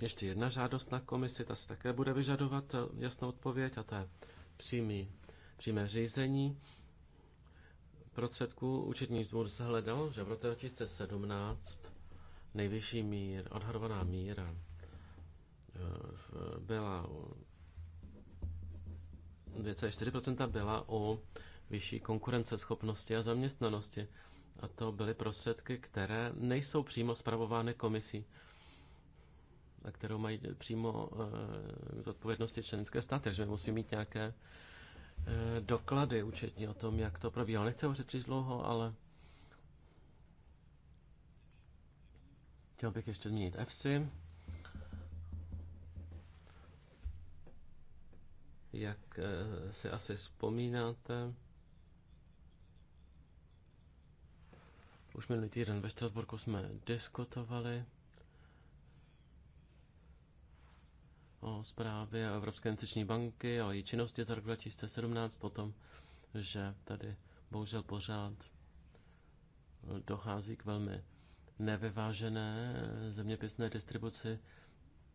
Speaker 2: ještě jedna žádost na komisi, ta se také bude vyžadovat eh, jasnou odpověď a to je přímý, přímé řízení prostředků. Účetní dvůr zhledal, že v roce 2017 nejvyšší mír, odhadovaná míra eh, byla 2,4% byla u vyšší konkurenceschopnosti a zaměstnanosti. A to byly prostředky, které nejsou přímo zpravovány komisí, a kterou mají přímo e, eh, odpovědnosti členské státy, takže musí mít nějaké e, doklady účetní o tom, jak to probíhá. Nechci hovořit příliš dlouho, ale Chtěl bych ještě zmínit FC. Jak eh, si asi vzpomínáte, už minulý týden ve Strasburku jsme diskutovali o zprávě Evropské investiční banky, o její činnosti za rok 2017, o tom, že tady bohužel pořád dochází k velmi nevyvážené zeměpisné distribuci.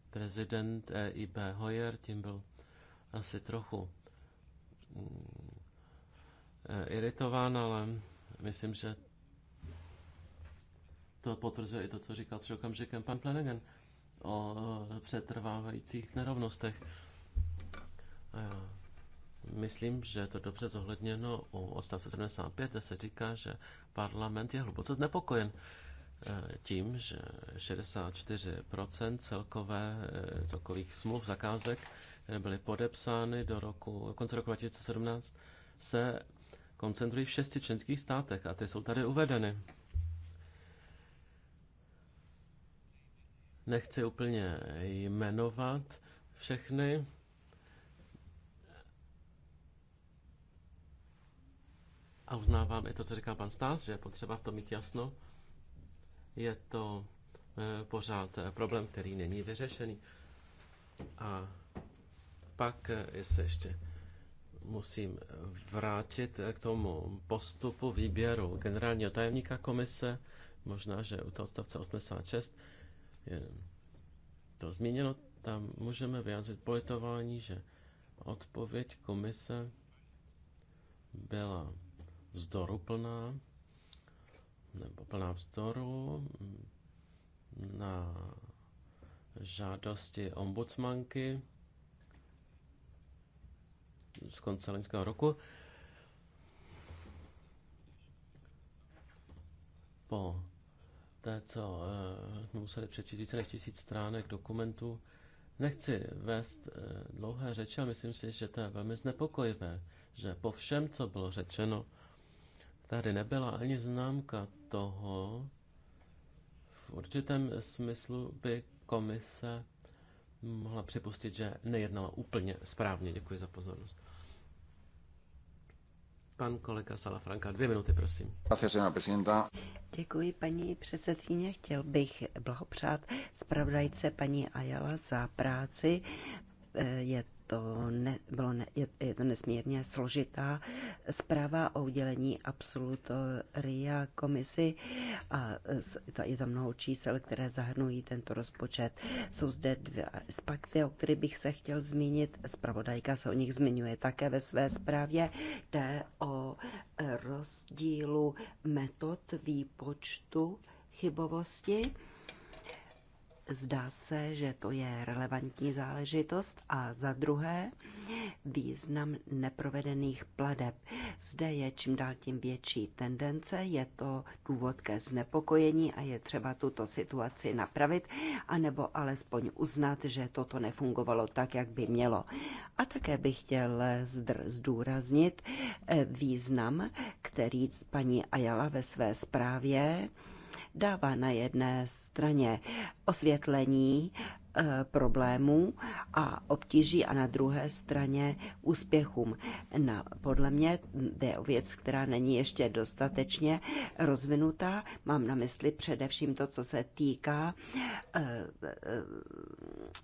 Speaker 2: Prezident EIB Hoyer tím byl asi trochu mm, e, iritován, ale myslím, že to potvrzuje i to, co říkal před okamžikem pan Flanagan o přetrvávajících nerovnostech. A já myslím, že je to dobře zohledněno u odstavce 75, kde se říká, že parlament je hluboce znepokojen Eh, tím, že 64% celkové, eh, celkových smluv zakázek, které byly podepsány do roku, konce roku 2017, se koncentrují v šesti členských státech a ty jsou tady uvedeny. Nechci úplně jmenovat všechny, A uznávám i to, co říká pan Stás, že je potřeba v tom mít jasno je to eh, pořád eh, problém, který není vyřešený. A pak eh, se ještě musím vrátit k tomu postupu výběru generálního tajemníka komise. Možná, že u toho stavce 86 je to zmíněno. Tam můžeme vyjádřit politování, že odpověď komise byla vzdoruplná nebo plná vzdoru na žádosti ombudsmanky z konce loňského roku. Po té, co jsme eh, museli přečíst více než tisíc stránek dokumentů, nechci vést eh, dlouhé řeči, ale myslím si, že to je velmi znepokojivé, že po všem, co bylo řečeno, tady nebyla ani známka toho v určitém smyslu by komise mohla připustit, že nejednala úplně správně. Děkuji za pozornost. Pan kolega Salafranka, dvě minuty, prosím.
Speaker 1: Děkuji, paní předsedkyně. Chtěl bych blahopřát zpravodajce paní Ajala za práci. Eh, je to, ne, bylo ne, je, je to nesmírně složitá zpráva o udělení absolutoria komisi a je tam mnoho čísel, které zahrnují tento rozpočet. Jsou zde dvě spakty, o kterých bych se chtěl zmínit. Spravodajka se o nich zmiňuje také ve své zprávě. Jde o rozdílu metod výpočtu chybovosti Zdá se, že to je relevantní záležitost. A za druhé, význam neprovedených pladeb. Zde je čím dál tím větší tendence, je to důvod ke znepokojení a je třeba tuto situaci napravit, anebo alespoň uznat, že toto nefungovalo tak, jak by mělo. A také bych chtěl zdůraznit eh, význam, který paní Ajala ve své zprávě dává na jedné straně osvětlení Eh, problémů a obtíží a na druhé straně úspěchům. Na, podle mě jde o věc, která není ještě dostatečně rozvinutá. Mám na mysli především to, co se týká eh,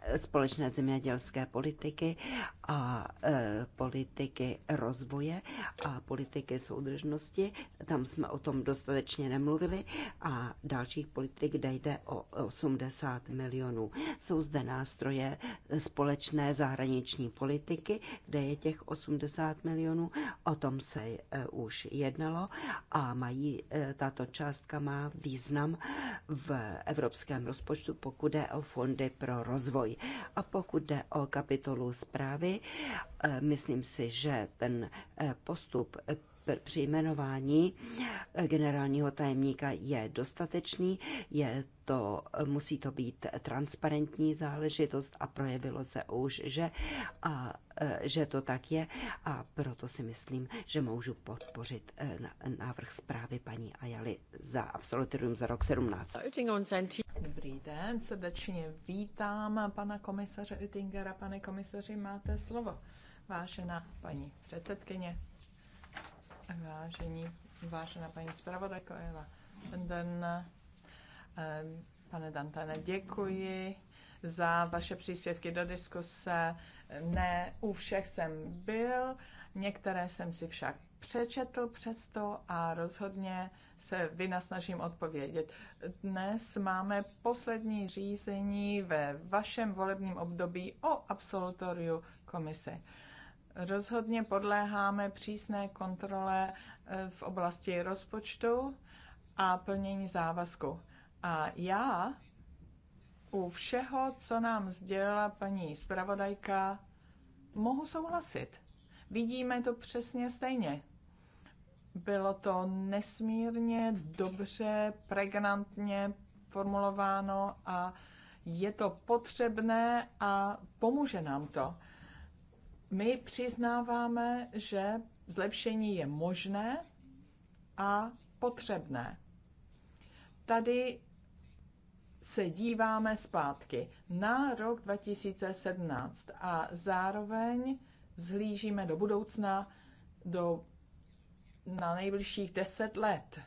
Speaker 1: eh, společné zemědělské politiky a politiky rozvoje a politiky soudržnosti. Tam jsme o tom dostatečně nemluvili a dalších politik, kde jde o 80 milionů. Jsou jsou zde nástroje společné zahraniční politiky, kde je těch 80 milionů, o tom se eh, už jednalo a mají, eh, tato částka má význam v evropském rozpočtu, pokud jde o fondy pro rozvoj. A pokud jde o kapitolu zprávy, eh, myslím si, že ten postup při jmenování eh, generálního tajemníka je dostatečný, je to, musí to být transparentní záležitost a projevilo se už, že, a, eh, že to tak je a proto si myslím, že můžu podpořit eh, návrh zprávy paní Ajali za absolutorium za rok 17.
Speaker 3: Dobrý den, srdečně vítám pana komisaře Utingera. Pane komisaři, máte slovo. Vážená paní předsedkyně, Vážení, vážená paní zpravodajko Eva den. Eh, pane Dantane, děkuji za vaše příspěvky do diskuse. Ne u všech jsem byl, některé jsem si však přečetl přesto a rozhodně se vynasnažím odpovědět. Dnes máme poslední řízení ve vašem volebním období o absolutoriu komise. Rozhodně podléháme přísné kontrole eh, v oblasti rozpočtu a plnění závazku. A já u všeho, co nám sdělila paní zpravodajka, mohu souhlasit. Vidíme to přesně stejně. Bylo to nesmírně dobře, pregnantně formulováno a je to potřebné a pomůže nám to. My přiznáváme, že zlepšení je možné a potřebné. Tady se díváme zpátky na rok 2017 a zároveň zhlížíme do budoucna do, na nejbližších 10 let.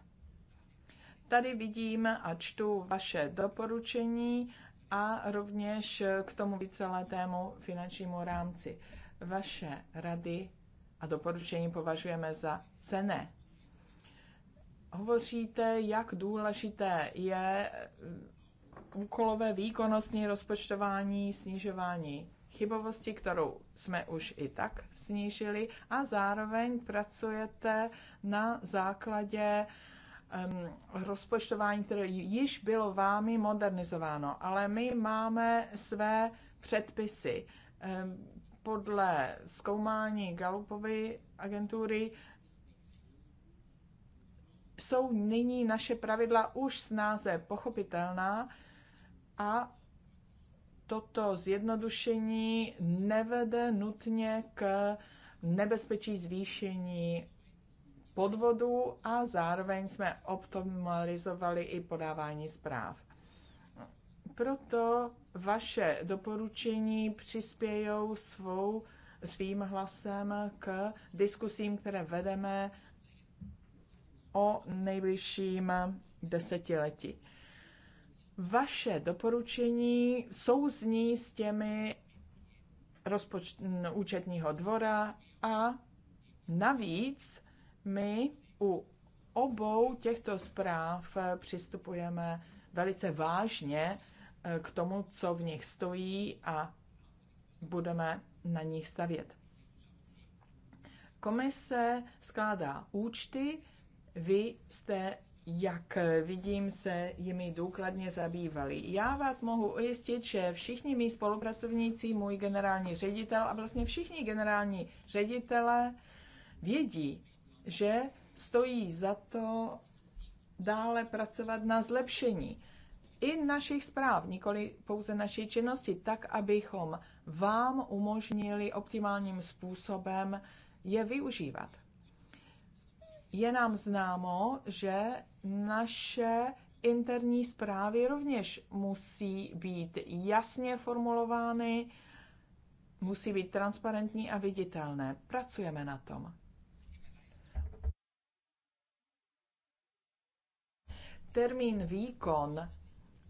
Speaker 3: Tady vidím a čtu vaše doporučení a rovněž k tomu víceletému finančnímu rámci. Vaše rady a doporučení považujeme za cené. Hovoříte, jak důležité je eh, úkolové výkonnostní rozpočtování, snižování chybovosti, kterou jsme už i tak snížili, a zároveň pracujete na základě um, rozpočtování, které již bylo vámi modernizováno, ale my máme své předpisy. Um, podle zkoumání Galupovy agentury jsou nyní naše pravidla už snáze pochopitelná a toto zjednodušení nevede nutně k nebezpečí zvýšení podvodů a zároveň jsme optimalizovali i podávání zpráv. Proto vaše doporučení přispějou svou, svým hlasem k diskusím, které vedeme o nejbližším desetiletí. Vaše doporučení souzní s těmi rozpoč- účetního dvora a navíc my u obou těchto zpráv přistupujeme velice vážně Eh, k tomu, co v nich stojí a budeme na nich stavět. Komise skládá účty, vy jste, jak vidím, se jimi důkladně zabývali. Já vás mohu ujistit, že všichni mý spolupracovníci, můj generální ředitel a vlastně všichni generální ředitele vědí, že stojí za to dále pracovat na zlepšení i našich zpráv, nikoli pouze naší činnosti, tak, abychom vám umožnili optimálním způsobem je využívat. Je nám známo, že naše interní zprávy rovněž musí být jasně formulovány, musí být transparentní a viditelné. Pracujeme na tom. Termín výkon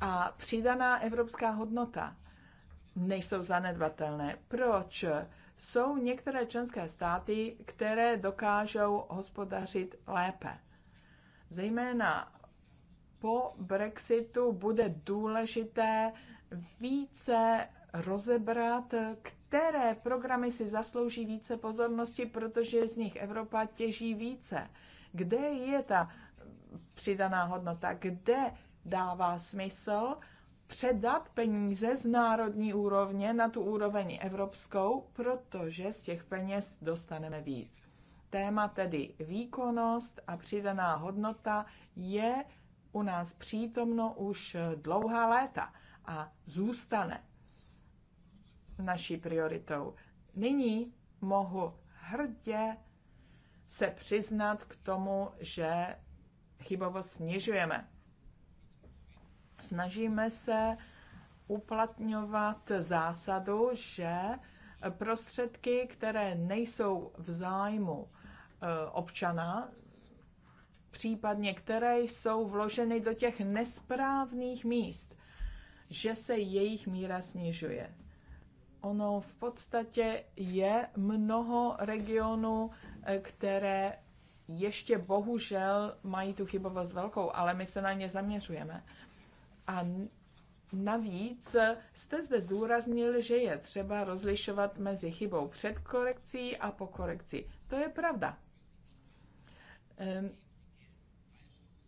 Speaker 3: a přidaná evropská hodnota nejsou zanedbatelné. Proč? Jsou některé členské státy, které dokážou hospodařit lépe. Zejména po Brexitu bude důležité více rozebrat, které programy si zaslouží více pozornosti, protože z nich Evropa těží více. Kde je ta přidaná hodnota? Kde dává smysl předat peníze z národní úrovně na tu úroveň evropskou, protože z těch peněz dostaneme víc. Téma tedy výkonnost a přidaná hodnota je u nás přítomno už dlouhá léta a zůstane naší prioritou. Nyní mohu hrdě se přiznat k tomu, že chybovost snižujeme. Snažíme se uplatňovat zásadu, že prostředky, které nejsou v zájmu eh, občana, případně které jsou vloženy do těch nesprávných míst, že se jejich míra snižuje. Ono v podstatě je mnoho regionů, eh, které ještě bohužel mají tu chybovost velkou, ale my se na ně zaměřujeme. A navíc jste zde zdůraznil, že je třeba rozlišovat mezi chybou před korekcí a po korekci. To je pravda.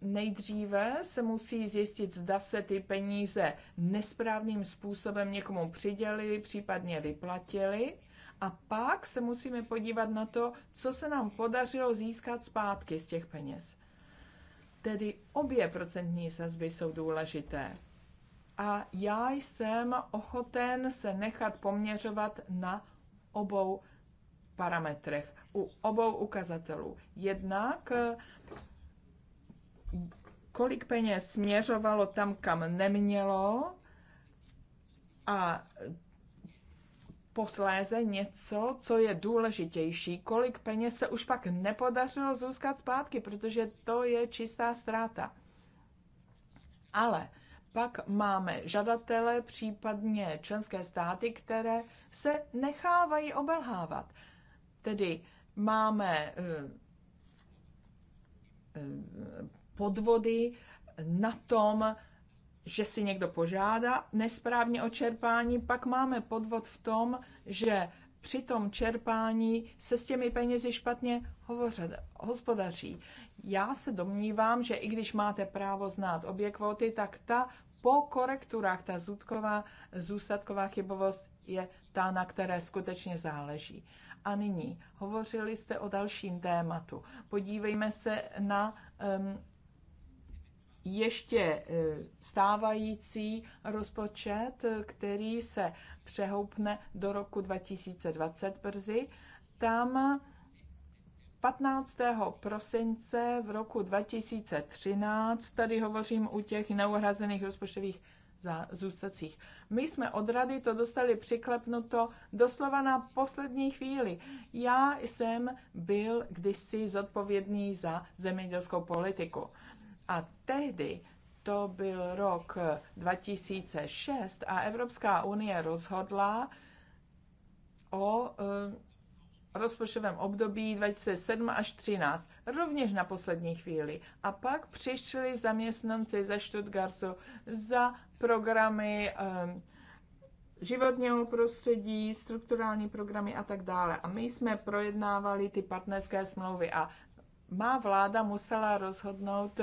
Speaker 3: Nejdříve se musí zjistit, zda se ty peníze nesprávným způsobem někomu přidělili, případně vyplatili. A pak se musíme podívat na to, co se nám podařilo získat zpátky z těch peněz. Tedy obě procentní sazby jsou důležité. A já jsem ochoten se nechat poměřovat na obou parametrech, u obou ukazatelů. Jednak kolik peněz směřovalo tam, kam nemělo, a posléze něco, co je důležitější, kolik peněz se už pak nepodařilo získat zpátky, protože to je čistá ztráta. Ale pak máme žadatele, případně členské státy, které se nechávají obelhávat. Tedy máme eh, eh, podvody na tom, že si někdo požádá nesprávně o čerpání, pak máme podvod v tom, že při tom čerpání se s těmi penězi špatně hovořet, hospodaří. Já se domnívám, že i když máte právo znát obě kvóty, tak ta po korekturách, ta zůdková, zůstatková chybovost je ta, na které skutečně záleží. A nyní, hovořili jste o dalším tématu. Podívejme se na um, ještě e, stávající rozpočet, e, který se přehoupne do roku 2020 brzy. Tam 15. prosince v roku 2013, tady hovořím u těch neuhrazených rozpočtových za zůstacích. My jsme od rady to dostali přiklepnuto doslova na poslední chvíli. Já jsem byl kdysi zodpovědný za zemědělskou politiku. A tehdy to byl rok 2006 a Evropská unie rozhodla o e, rozpočtovém období 2007 až 2013, rovněž na poslední chvíli. A pak přišli zaměstnanci ze Stuttgartu za programy e, životního prostředí, strukturální programy a tak dále. A my jsme projednávali ty partnerské smlouvy a má vláda musela rozhodnout,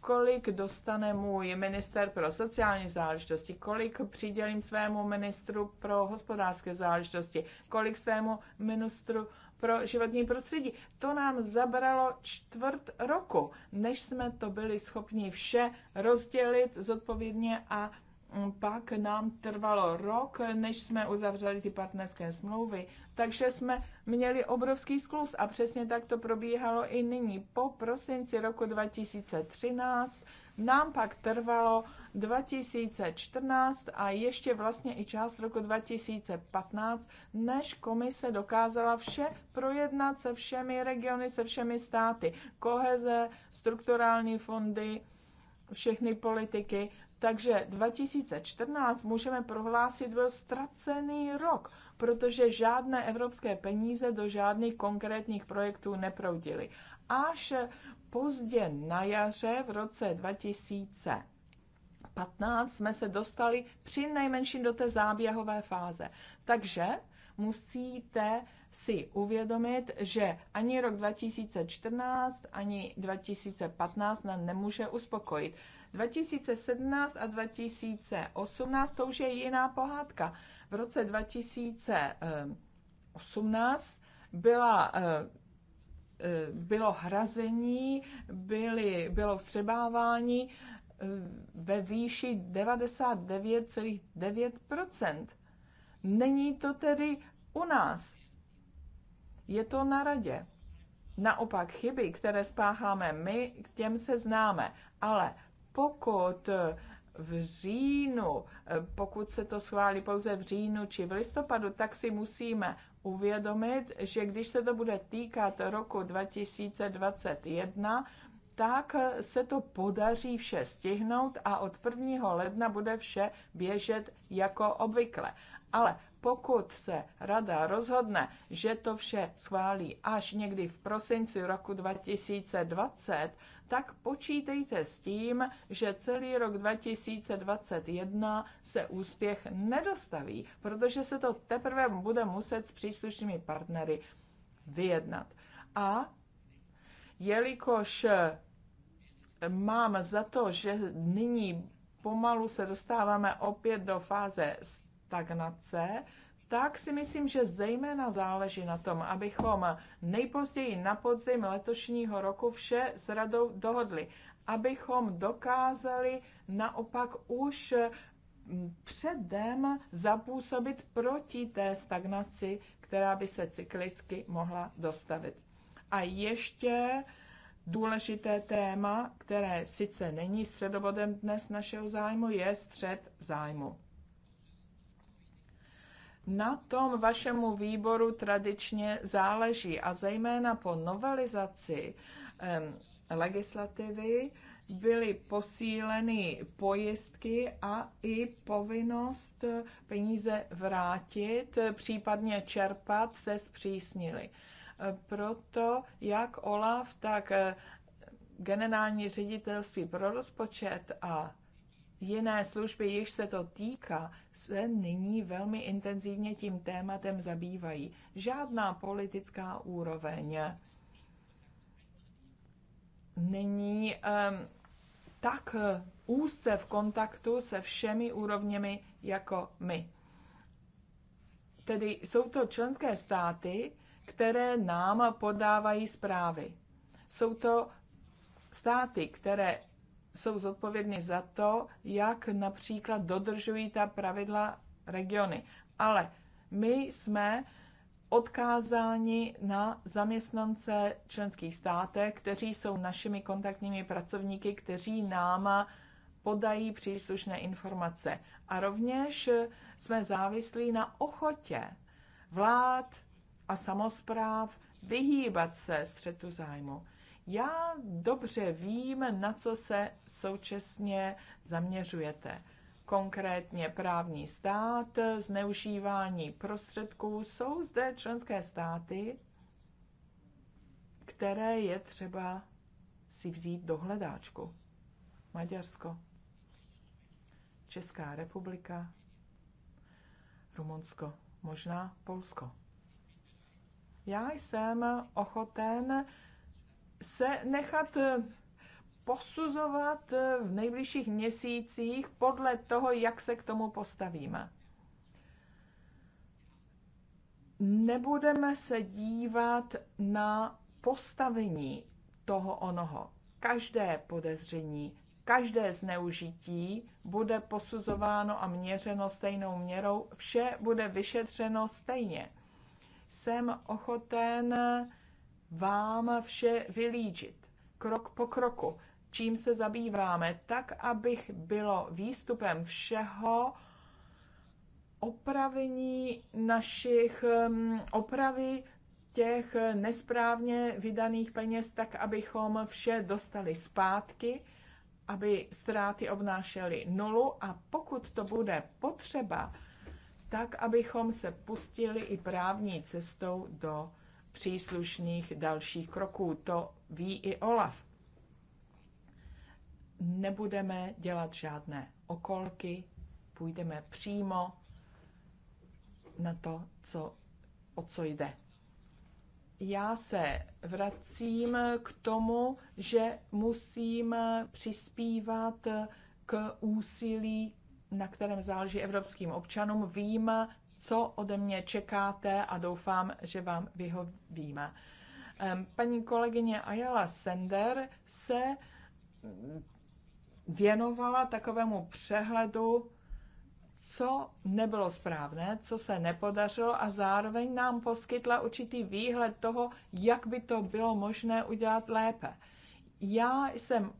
Speaker 3: kolik dostane můj minister pro sociální záležitosti, kolik přidělím svému ministru pro hospodářské záležitosti, kolik svému ministru pro životní prostředí. To nám zabralo čtvrt roku, než jsme to byli schopni vše rozdělit zodpovědně a pak nám trvalo rok, než jsme uzavřeli ty partnerské smlouvy. Takže jsme měli obrovský sklus a přesně tak to probíhalo i nyní. Po prosinci roku 2013 nám pak trvalo 2014 a ještě vlastně i část roku 2015, než komise dokázala vše projednat se všemi regiony, se všemi státy. Koheze, strukturální fondy, všechny politiky takže 2014 můžeme prohlásit byl ztracený rok, protože žádné evropské peníze do žádných konkrétních projektů neproudily. Až pozdě na jaře v roce 2000 15 jsme se dostali při nejmenším do té záběhové fáze. Takže musíte si uvědomit, že ani rok 2014, ani 2015 nám nemůže uspokojit. 2017 a 2018 to už je jiná pohádka. V roce 2018 byla eh, eh, bylo hrazení, byly, bylo vstřebávání eh, ve výši 99,9%. Není to tedy u nás. Je to na radě. Naopak chyby, které spácháme my, k těm se známe. Ale pokud eh, v říjnu, eh, pokud se to schválí pouze v říjnu či v listopadu, tak si musíme uvědomit, že když se to bude týkat roku 2021, tak eh, se to podaří vše stihnout a od 1. ledna bude vše běžet jako obvykle. Ale pokud se rada rozhodne, že to vše schválí až někdy v prosinci roku 2020, tak počítejte s tím, že celý rok 2021 se úspěch nedostaví, protože se to teprve bude muset s příslušnými partnery vyjednat. A jelikož mám za to, že nyní pomalu se dostáváme opět do fáze stagnace, tak si myslím, že zejména záleží na tom, abychom nejpozději na podzim letošního roku vše s radou dohodli, abychom dokázali naopak už mm, předem zapůsobit proti té stagnaci, která by se cyklicky mohla dostavit. A ještě důležité téma, které sice není středobodem dnes našeho zájmu, je střed zájmu. Na tom vašemu výboru tradičně záleží a zejména po novelizaci legislativy byly posíleny pojistky a i povinnost peníze vrátit, případně čerpat, se zpřísnily. Proto jak OLAF, tak eh, generální ředitelství pro rozpočet a jiné služby, již se to týká, se nyní velmi intenzivně tím tématem zabývají. Žádná politická úroveň není um, tak úzce v kontaktu se všemi úrovněmi jako my. Tedy jsou to členské státy, které nám podávají zprávy. Jsou to státy, které jsou zodpovědny za to, jak například dodržují ta pravidla regiony. Ale my jsme odkázáni na zaměstnance členských státech, kteří jsou našimi kontaktními pracovníky, kteří nám podají příslušné informace. A rovněž jsme závislí na ochotě vlád a samozpráv vyhýbat se střetu zájmu. Já dobře vím, na co se současně zaměřujete. Konkrétně právní stát, zneužívání prostředků. Jsou zde členské státy, které je třeba si vzít do hledáčku. Maďarsko, Česká republika, Rumunsko, možná Polsko. Já jsem ochoten se nechat eh, posuzovat eh, v nejbližších měsících podle toho, jak se k tomu postavíme. Nebudeme se dívat na postavení toho onoho. Každé podezření, každé zneužití bude posuzováno a měřeno stejnou měrou, vše bude vyšetřeno stejně. Jsem ochoten vám vše vylíčit krok po kroku, čím se zabýváme, tak, abych bylo výstupem všeho opravení našich, mm, opravy těch nesprávně vydaných peněz, tak, abychom vše dostali zpátky, aby ztráty obnášely nulu a pokud to bude potřeba, tak, abychom se pustili i právní cestou do příslušných dalších kroků. To ví i Olaf. Nebudeme dělat žádné okolky, půjdeme přímo na to, co, o co jde. Já se vracím k tomu, že musím přispívat k úsilí, na kterém záleží evropským občanům. Vím, co ode mě čekáte a doufám, že vám vyhovíme. Paní kolegyně Ayala Sender se věnovala takovému přehledu, co nebylo správné, co se nepodařilo a zároveň nám poskytla určitý výhled toho, jak by to bylo možné udělat lépe. Já jsem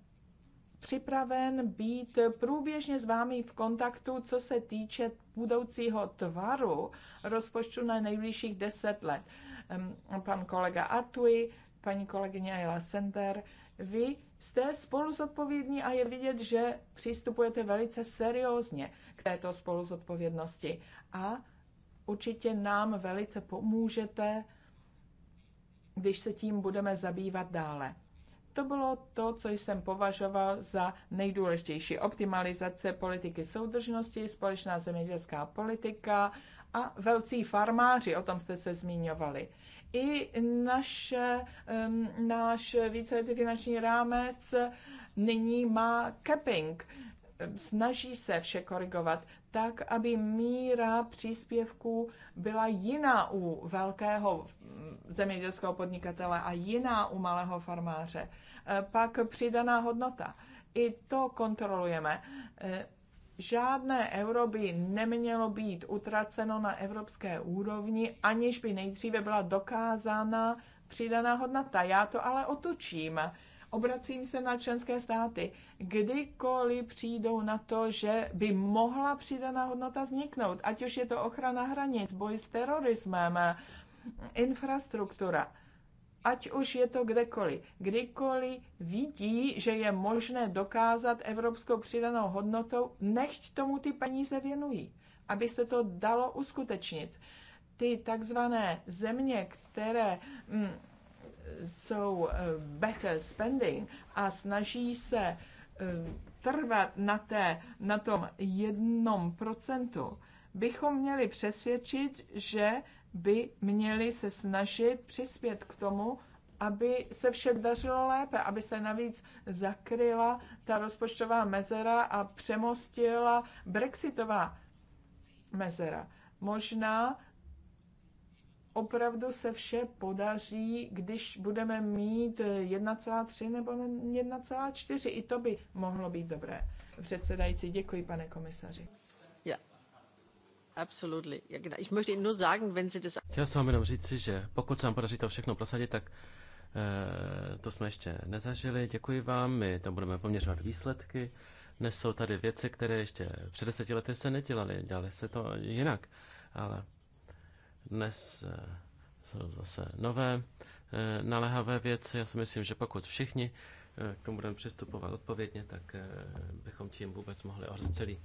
Speaker 3: připraven být průběžně s vámi v kontaktu, co se týče budoucího tvaru rozpočtu na nejbližších deset let. Pan kolega Atui, paní kolegyně Ayla Sender, vy jste spolu zodpovědní a je vidět, že přistupujete velice seriózně k této spolu zodpovědnosti a určitě nám velice pomůžete, když se tím budeme zabývat dále. To bylo to, co jsem považoval za nejdůležitější. Optimalizace politiky soudržnosti, společná zemědělská politika a velcí farmáři, o tom jste se zmiňovali. I naš, um, náš víceletý finanční rámec nyní má capping snaží se vše korigovat tak, aby míra příspěvků byla jiná u velkého zemědělského podnikatele a jiná u malého farmáře. E, pak přidaná hodnota. I to kontrolujeme. E, žádné euro by nemělo být utraceno na evropské úrovni, aniž by nejdříve byla dokázána přidaná hodnota. Já to ale otočím. Obracím se na členské státy. Kdykoliv přijdou na to, že by mohla přidaná hodnota vzniknout, ať už je to ochrana hranic, boj s terorismem, infrastruktura, ať už je to kdekoliv, kdykoliv vidí, že je možné dokázat evropskou přidanou hodnotou, nechť tomu ty peníze věnují, aby se to dalo uskutečnit. Ty takzvané země, které mm, jsou eh, better spending a snaží se eh, trvat na, té, na tom jednom procentu, bychom měli přesvědčit, že by měli se snažit přispět k tomu, aby se vše dařilo lépe, aby se navíc zakryla ta rozpočtová mezera a přemostila brexitová mezera. Možná opravdu se vše podaří, když budeme mít 1,3 nebo 1,4. I to by mohlo být dobré. Předsedající, děkuji, pane komisaři. Já. Absolutely. Ich möchte Ihnen nur sagen, wenn Sie
Speaker 2: das... Chtěl jsem vám jenom říci, že pokud se vám podaří to všechno prosadit, tak eh, to jsme ještě nezažili. Děkuji vám, my tam budeme poměřovat výsledky. Dnes jsou tady věci, které ještě před deseti lety se nedělaly, dělali se to jinak. Ale dnes eh, jsou zase nové eh, naléhavé věci. Já si myslím, že pokud všichni eh, k tomu budeme přistupovat odpovědně, tak bychom tím vůbec mohli ohrát celý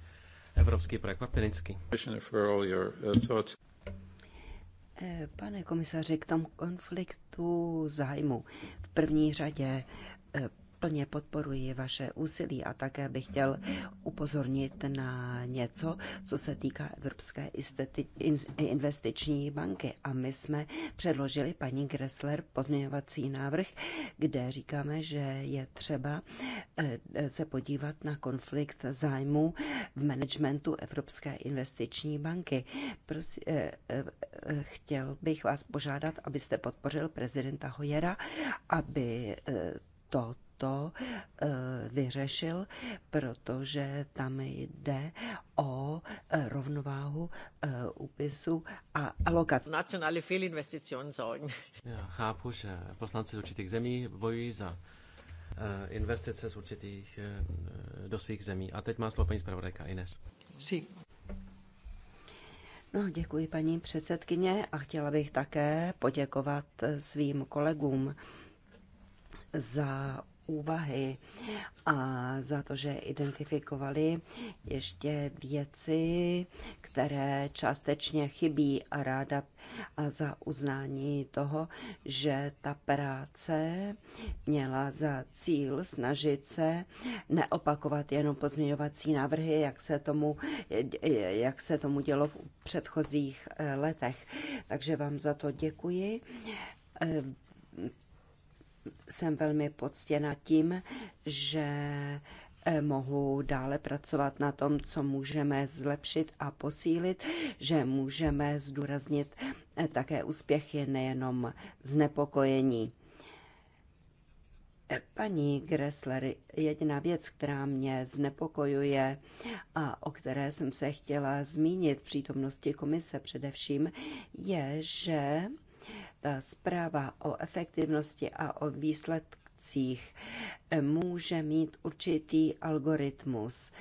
Speaker 2: evropský projekt Papinický.
Speaker 1: Pane komisaři, k tomu konfliktu zájmu. V první řadě plně podporuji vaše úsilí a také bych chtěl upozornit na něco, co se týká Evropské investiční banky. A my jsme předložili paní Gressler pozměňovací návrh, kde říkáme, že je třeba eh, se podívat na konflikt zájmů v managementu Evropské investiční banky. Prosi, eh, eh, chtěl bych vás požádat, abyste podpořil prezidenta Hojera, aby to to eh, vyřešil, protože tam jde o eh, rovnováhu eh, úpisu a alokace.
Speaker 2: Nacionální fehlinvestitionen sorgen. Já chápu, že poslanci z určitých zemí bojují za investice z určitých do svých zemí. A teď má slovo paní zpravodajka Ines. Sí.
Speaker 1: No, děkuji paní předsedkyně a chtěla bych také poděkovat svým kolegům za úvahy a za to, že identifikovali ještě věci, které částečně chybí a ráda a za uznání toho, že ta práce měla za cíl snažit se neopakovat jenom pozměňovací návrhy, jak se tomu, jak se tomu dělo v předchozích eh, letech. Takže vám za to děkuji eh, jsem velmi poctěna tím, že eh, mohu dále pracovat na tom, co můžeme zlepšit a posílit, že můžeme zdůraznit eh, také úspěchy, nejenom znepokojení. Eh, paní Gressler, jediná věc, která mě znepokojuje a o které jsem se chtěla zmínit v přítomnosti komise především, je, že ta zpráva o efektivnosti a o výsledcích eh, může mít určitý algoritmus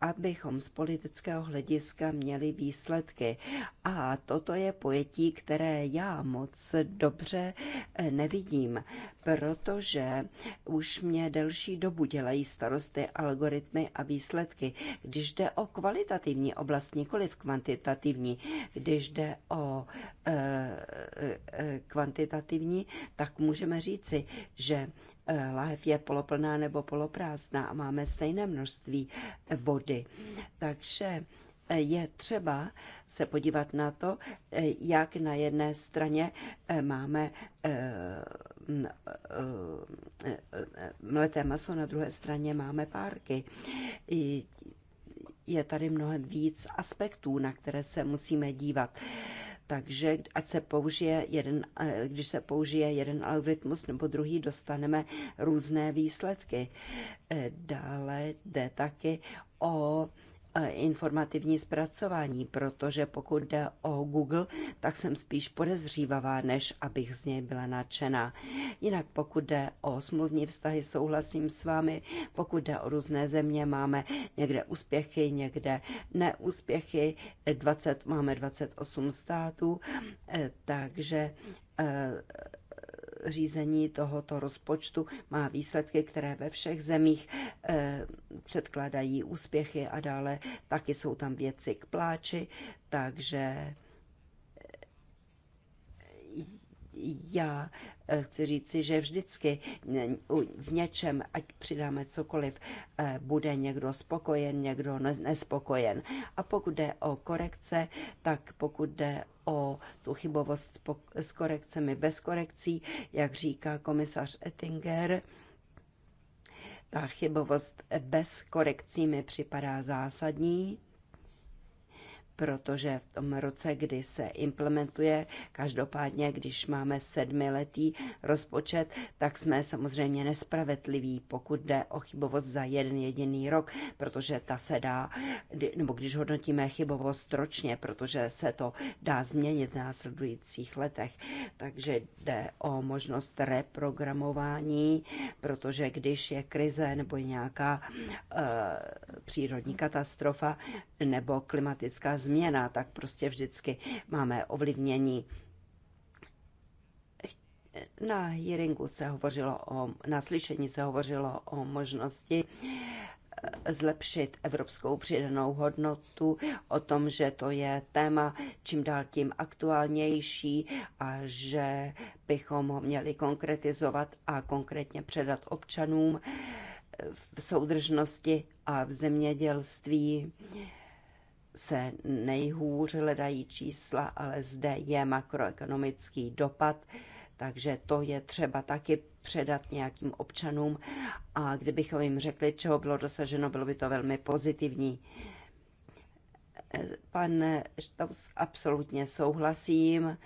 Speaker 1: abychom z politického hlediska měli výsledky. A toto je pojetí, které já moc dobře eh, nevidím, protože už mě delší dobu dělají starosty algoritmy a výsledky. Když jde o kvalitativní oblast, v kvantitativní, když jde o e, e, kvantitativní, tak můžeme říci, že lahev je poloplná nebo poloprázdná a máme stejné množství vody. Takže eh, je třeba se podívat na to, eh, jak na jedné straně eh, máme mleté maso, na druhé straně máme párky. Je tady mnohem víc aspektů, na které se musíme dívat. Takže ať se použije jeden, eh, když se použije jeden algoritmus nebo druhý, dostaneme různé výsledky. Eh, dále jde taky o Eh, informativní zpracování, protože pokud jde o Google, tak jsem spíš podezřívavá, než abych z něj byla nadšená. Jinak pokud jde o smluvní vztahy, souhlasím s vámi. Pokud jde o různé země, máme někde úspěchy, někde neúspěchy. 20, máme 28 států, eh, takže eh, řízení tohoto rozpočtu má výsledky, které ve všech zemích eh, předkládají úspěchy a dále taky jsou tam věci k pláči, takže já Eh, chci si, že vždycky v něčem, ať přidáme cokoliv, eh, bude někdo spokojen, někdo nespokojen. A pokud jde o korekce, tak pokud jde o tu chybovost s korekcemi bez korekcí, jak říká komisař Ettinger, ta chybovost bez korekcí mi připadá zásadní protože v tom roce, kdy se implementuje, každopádně, když máme sedmiletý rozpočet, tak jsme samozřejmě nespravedliví, pokud jde o chybovost za jeden jediný rok, protože ta se dá, nebo když hodnotíme chybovost ročně, protože se to dá změnit v následujících letech. Takže jde o možnost reprogramování, protože když je krize nebo nějaká e, přírodní katastrofa nebo klimatická změna, změna, tak prostě vždycky máme ovlivnění. Na hearingu se hovořilo o, na slyšení se hovořilo o možnosti eh, zlepšit evropskou přidanou hodnotu, o tom, že to je téma čím dál tím aktuálnější a že bychom ho měli konkretizovat a konkrétně předat občanům v soudržnosti a v zemědělství se nejhůř hledají čísla, ale zde je makroekonomický dopad, takže to je třeba taky předat nějakým občanům a kdybychom jim řekli, čeho bylo dosaženo, bylo by to velmi pozitivní. Pan Štaus absolutně souhlasím,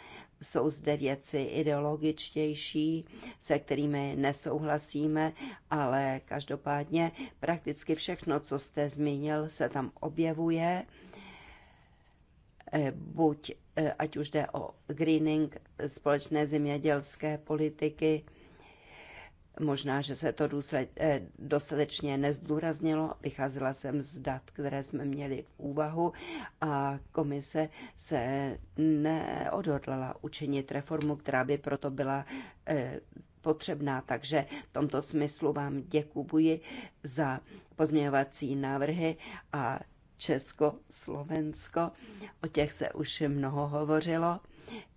Speaker 1: jsou zde věci ideologičtější, se kterými nesouhlasíme, ale každopádně prakticky všechno, co jste zmínil, se tam objevuje. Eh, buď eh, ať už jde o greening společné zemědělské politiky, možná, že se to důsled, eh, dostatečně nezdůraznilo, vycházela jsem z dat, které jsme měli v úvahu a komise se neodhodlala učinit reformu, která by proto byla potřebná. Takže v tomto smyslu vám děkuji za pozměňovací návrhy a Česko, Slovensko. O těch se už mnoho hovořilo.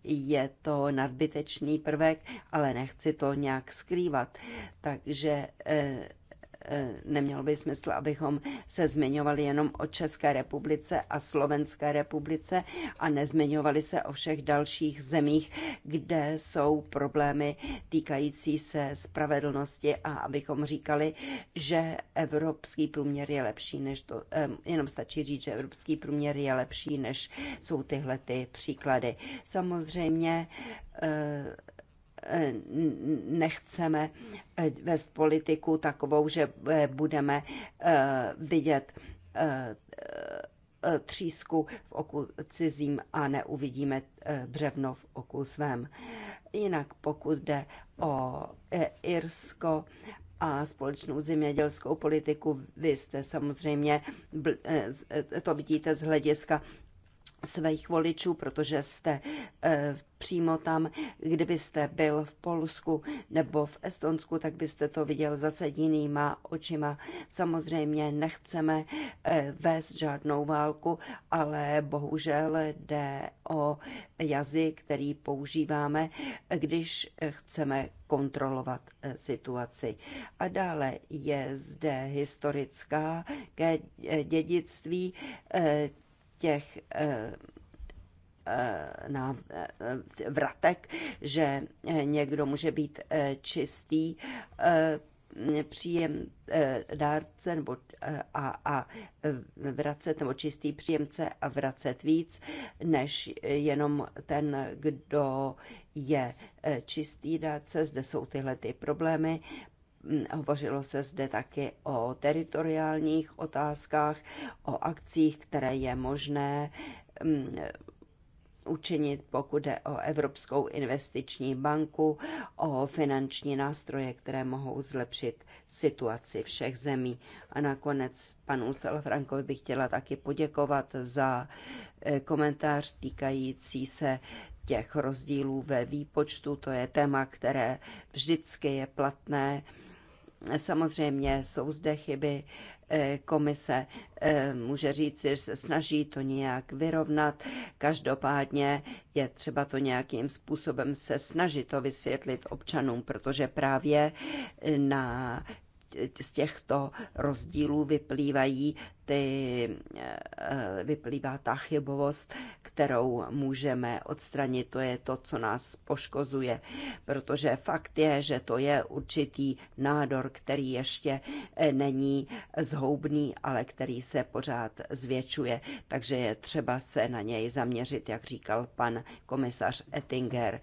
Speaker 1: Je to nadbytečný prvek, ale nechci to nějak skrývat. Takže eh, Eh, nemělo by smysl, abychom se zmiňovali jenom o České republice a Slovenské republice a nezmiňovali se o všech dalších zemích, kde jsou problémy týkající se spravedlnosti a abychom říkali, že evropský průměr je lepší než to, eh, jenom stačí říct, že evropský průměr je lepší než jsou tyhle ty příklady. Samozřejmě eh, Eh, nechceme eh, vést politiku takovou, že eh, budeme vidět třísku v oku cizím a neuvidíme břevno v oku svém. Jinak pokud jde o Irsko a společnou zemědělskou politiku, vy jste samozřejmě, to vidíte z hlediska svých voličů, protože jste e, přímo tam, kdybyste byl v Polsku nebo v Estonsku, tak byste to viděl zase jinýma očima. Samozřejmě nechceme e, vést žádnou válku, ale bohužel jde o jazyk, který používáme, když chceme kontrolovat eh, situaci. A dále je zde historická dědictví, těch eh, eh, na eh, vratek, že někdo může být čistý příjem dárce nebo a, a vracet, nebo čistý příjemce a vracet víc, než jenom ten, kdo je čistý dárce. Zde jsou tyhle ty problémy, Hovořilo se zde také o teritoriálních otázkách, o akcích, které je možné mm, učinit, pokud jde o Evropskou investiční banku, o finanční nástroje, které mohou zlepšit situaci všech zemí. A nakonec panu Salafrankovi bych chtěla taky poděkovat za e, komentář týkající se těch rozdílů ve výpočtu. To je téma, které vždycky je platné. Samozřejmě jsou zde chyby, eh, komise eh, může říct, že se snaží to nějak vyrovnat. Každopádně je třeba to nějakým způsobem se snažit to vysvětlit občanům, protože právě na z těchto rozdílů vyplývají ty, eh, vyplývá ta chybovost, kterou můžeme odstranit. To je to, co nás poškozuje, protože fakt je, že to je určitý nádor, který ještě eh, není zhoubný, ale který se pořád zvětšuje. Takže je třeba se na něj zaměřit, jak říkal pan komisař Ettinger.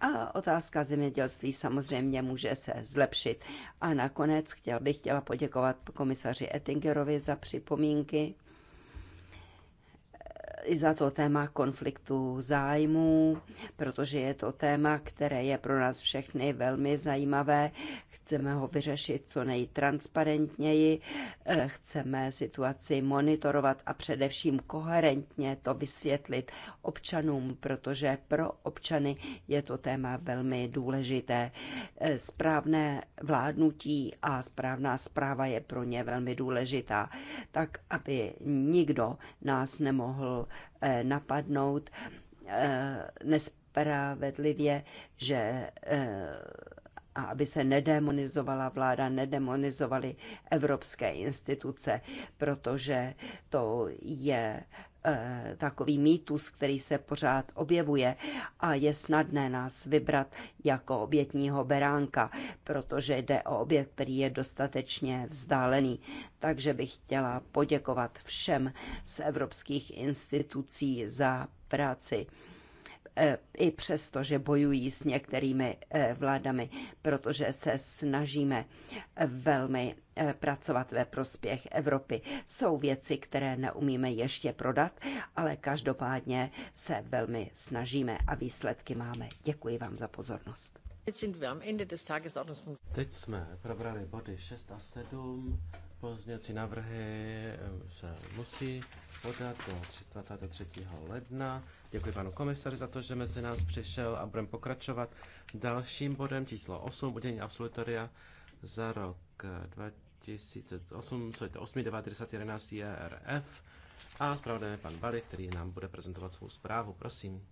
Speaker 1: A otázka zemědělství samozřejmě může se zlepšit. A nakonec chtěl bych chtěla poděkovat komisaři Ettingerovi za připomínky i za to téma konfliktu zájmů, protože je to téma, které je pro nás všechny velmi zajímavé. Chceme ho vyřešit co nejtransparentněji, eh, chceme situaci monitorovat a především koherentně to vysvětlit občanům, protože pro občany je to téma velmi důležité. Eh, správné vládnutí a správná zpráva je pro ně velmi důležitá, tak aby nikdo nás nemohl Eh, napadnout eh, nespravedlivě, že eh, a aby se nedemonizovala vláda, nedemonizovaly evropské instituce, protože to je Eh, takový mýtus, který se pořád objevuje a je snadné nás vybrat jako obětního beránka, protože jde o obět, který je dostatečně vzdálený. Takže bych chtěla poděkovat všem z evropských institucí za práci. E, i přesto, že bojují s některými e, vládami, protože se snažíme e, velmi pracovat ve prospěch Evropy. Jsou věci, které neumíme ještě prodat, ale každopádně se velmi snažíme a výsledky máme. Děkuji vám za pozornost.
Speaker 2: Teď jsme probrali body 6 a 7. Pozměňovací návrhy se musí podat do 23. ledna. Děkuji panu komisaři za to, že mezi nás přišel a budeme pokračovat dalším bodem číslo 8, udělení absolutoria za rok 2008, eh, co e je to 8, 9, 10, 11 ERF a zpravodajeme pan Bali, který nám bude prezentovat svou zprávu. Prosím.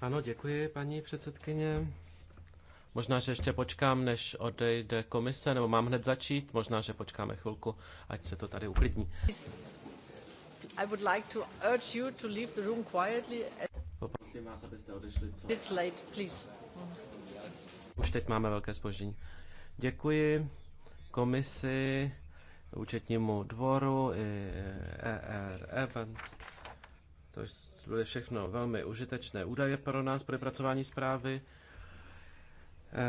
Speaker 2: Ano, děkuji, paní předsedkyně. Možná, že ještě počkám, než odejde komise, nebo mám hned začít. Možná, že počkáme chvilku, ať se to tady uklidní.
Speaker 3: I would like to urge you to leave the room quietly. It's late, please.
Speaker 2: Už teď máme velké spoždění. Děkuji komisi, účetnímu dvoru i ERF. E to byly všechno velmi užitečné údaje pro nás pro pracování zprávy. E,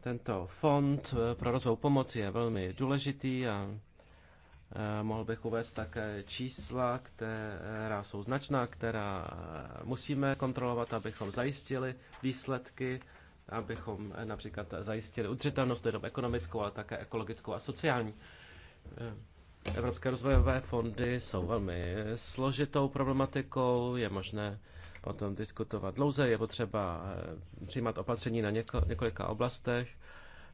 Speaker 2: tento fond pro rozvoj pomoci je velmi důležitý a Eh, mohl bych uvést také čísla, která jsou značná, která eh, musíme kontrolovat, abychom zajistili výsledky, abychom eh, například zajistili udržitelnost nejenom ekonomickou, ale také ekologickou a sociální. Evropské rozvojové fondy jsou velmi složitou problematikou, je možné potom diskutovat dlouze, je potřeba přijímat opatření na něko, několika oblastech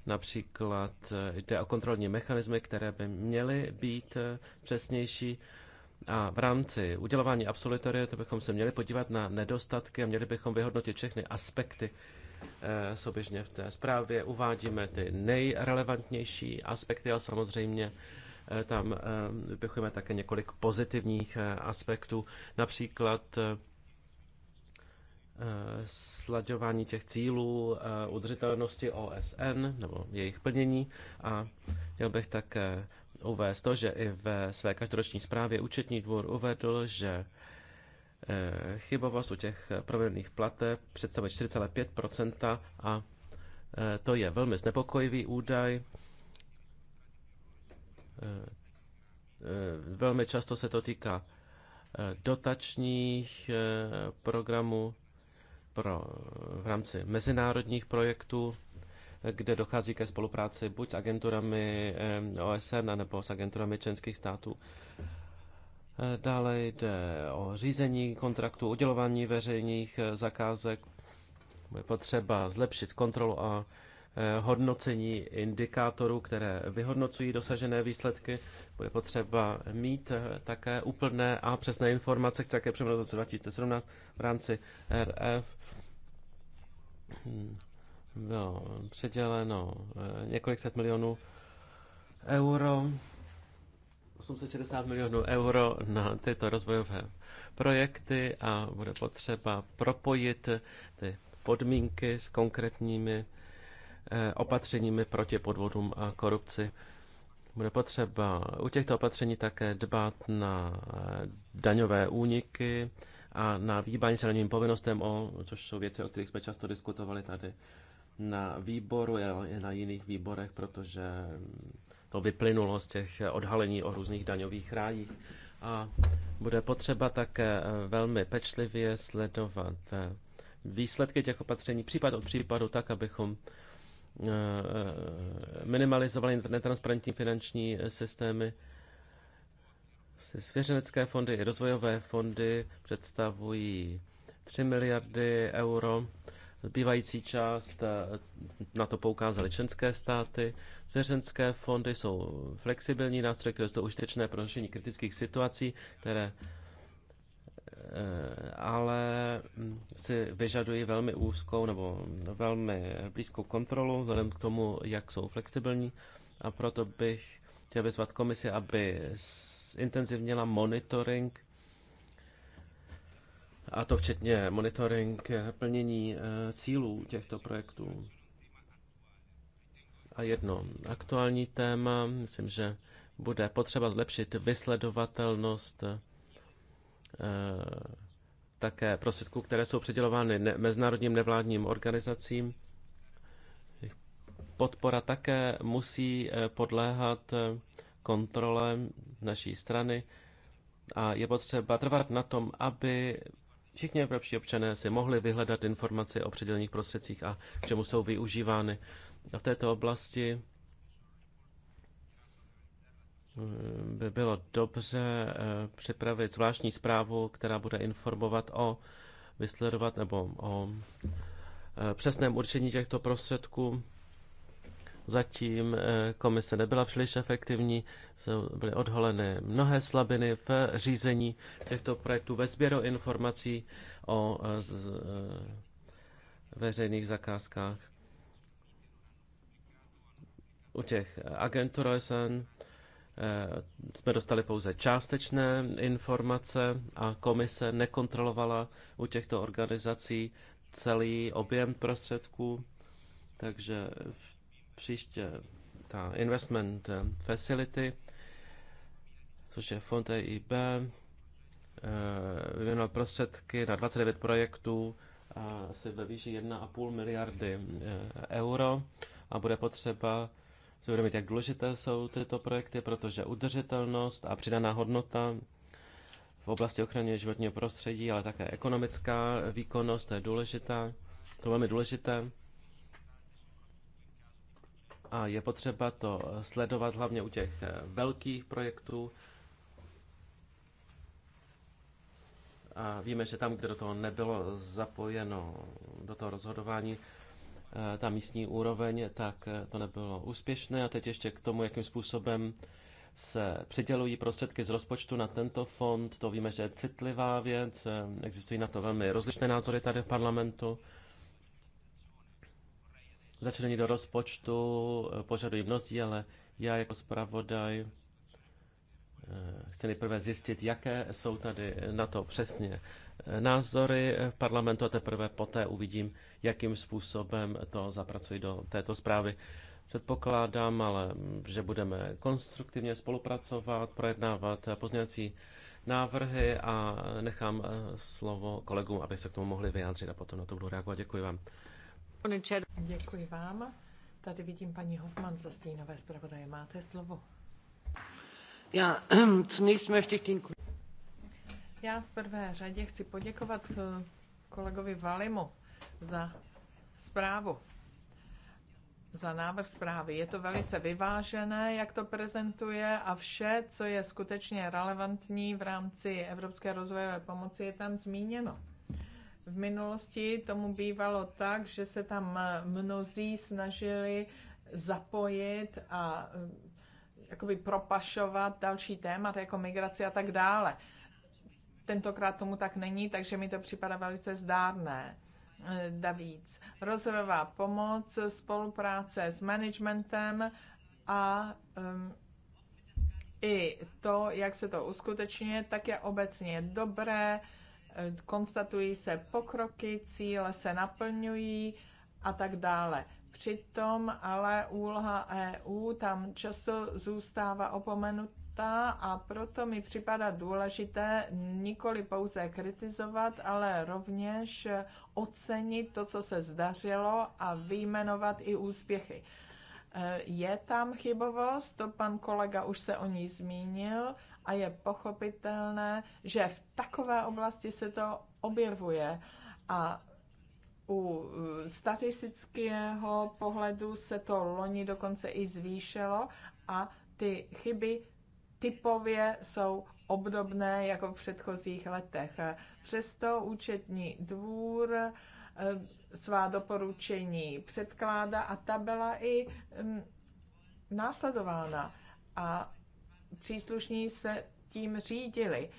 Speaker 2: Například eh, jde o kontrolní mechanismy, které by měly být eh, přesnější. A v rámci udělování absolutoria to bychom se měli podívat na nedostatky a měli bychom vyhodnotit všechny aspekty. Eh, souběžně v té zprávě uvádíme ty nejrelevantnější aspekty a samozřejmě tam vypichujeme také několik pozitivních aspektů, například Eh, slaďování těch cílů eh, udržitelnosti OSN nebo jejich plnění a chtěl bych také uvést to, že i ve své každoroční zprávě účetní dvůr uvedl, že eh, chybovost u těch provedených plateb představuje 4,5% a to je velmi znepokojivý údaj. Velmi často se to týká dotačních programů pro, v rámci mezinárodních projektů, kde dochází ke spolupráci buď s agenturami eh, OSN nebo s agenturami členských států. Eh, dále jde o řízení kontraktu, udělování veřejných eh, zakázek. Je potřeba zlepšit kontrolu a Eh, hodnocení indikátorů, které vyhodnocují dosažené výsledky. Bude potřeba mít eh, také úplné a přesné informace, také při 2017 v rámci RF hmm, bylo předěleno eh, několik set milionů euro, 860 milionů euro na tyto rozvojové projekty a bude potřeba propojit ty podmínky s konkrétními Eh, opatřeními proti podvodům a korupci. Bude potřeba u těchto opatření také dbát na eh, daňové úniky a na výbaň se daňovým povinnostem, o, což jsou věci, o kterých jsme často diskutovali tady na výboru a na jiných výborech, protože mm, to vyplynulo z těch odhalení o různých daňových rájích. A bude potřeba také eh, velmi pečlivě sledovat výsledky těch opatření případ od případu, tak abychom Eh, eh, minimalizovali netransparentní finanční systémy. Svěřenecké fondy i rozvojové fondy představují 3 miliardy euro. Zbývající část eh, na to poukázaly členské státy. Svěřenské fondy jsou flexibilní nástroje, které jsou užitečné pro řešení kritických situací, které Eh, ale hm, si vyžadují velmi úzkou nebo velmi blízkou kontrolu vzhledem k tomu, jak jsou flexibilní a proto bych chtěl vyzvat komisi, aby intenzivněla monitoring a to včetně monitoring eh, plnění eh, cílů těchto projektů. A jedno aktuální téma, myslím, že bude potřeba zlepšit vysledovatelnost Eh, také prostředků, které jsou předělovány ne- mezinárodním nevládním organizacím. Podpora také musí eh, podléhat eh, kontrole naší strany a je potřeba trvat na tom, aby všichni evropští občané si mohli vyhledat informace o předělených prostředcích a k čemu jsou využívány. A v této oblasti by bylo dobře eh, připravit zvláštní zprávu, která bude informovat o vysledovat nebo o eh, přesném určení těchto prostředků. Zatím eh, komise nebyla příliš efektivní, byly odholeny mnohé slabiny v řízení těchto projektů, ve sběru informací o veřejných zakázkách u těch agentů OSN Eh, jsme dostali pouze částečné informace a komise nekontrolovala u těchto organizací celý objem prostředků, takže příště ta investment facility, což je fond EIB, eh, vyvinul prostředky na 29 projektů asi ve výši 1,5 miliardy eh, euro a bude potřeba si uvědomit, jak důležité jsou tyto projekty, protože udržitelnost a přidaná hodnota v oblasti ochrany životního prostředí, ale také ekonomická výkonnost, to je důležitá, to je velmi důležité. A je potřeba to sledovat hlavně u těch eh, velkých projektů. A víme, že tam, kde do toho nebylo zapojeno, do toho rozhodování, Eh, ta místní úroveň, tak eh, to nebylo úspěšné. A teď ještě k tomu, jakým způsobem se přidělují prostředky z rozpočtu na tento fond. To víme, že je citlivá věc. Eh, existují na to velmi rozlišné názory tady v parlamentu. Začlení do rozpočtu požadují mnozí, ale já jako zpravodaj chci nejprve zjistit, jaké jsou tady na to přesně názory v parlamentu a teprve poté uvidím, jakým způsobem to zapracuji do této zprávy. Předpokládám ale, že budeme konstruktivně spolupracovat, projednávat pozměňovací návrhy a nechám eh, slovo kolegům, aby se k tomu mohli vyjádřit a potom na to budu reagovat. Děkuji vám.
Speaker 3: Děkuji vám. Tady vidím paní Hofman za Stejnové zpravodaje. Máte slovo.
Speaker 2: Já zunächst möchte ich den
Speaker 3: já v prvé řadě chci poděkovat eh, kolegovi Valimu za zprávu, za návrh zprávy. Je to velice vyvážené, jak to prezentuje a vše, co je skutečně relevantní v rámci Evropské rozvojové pomoci, je tam zmíněno. V minulosti tomu bývalo tak, že se tam eh, mnozí snažili zapojit a eh, jakoby propašovat další témat jako migraci a tak dále Tentokrát tomu tak není, takže mi to připadá velice zdárné. Davíc. Eh, Rozvojová pomoc, spolupráce s managementem a um, i to, jak se to uskutečňuje, tak je obecně dobré, eh, konstatují se pokroky, cíle se naplňují a tak dále. Přitom ale úloha EU tam často zůstává opomenut, fakta a proto mi připadá důležité nikoli pouze kritizovat, ale rovněž ocenit to, co se zdařilo a vyjmenovat i úspěchy. E, je tam chybovost, to pan kolega už se o ní zmínil a je pochopitelné, že v takové oblasti se to objevuje a u e, statistického pohledu se to loni dokonce i zvýšilo a ty chyby typově jsou obdobné jako v předchozích letech. Přesto účetní dvůr eh, svá doporučení předkládá a ta byla i mm, následována a příslušní se tím řídili.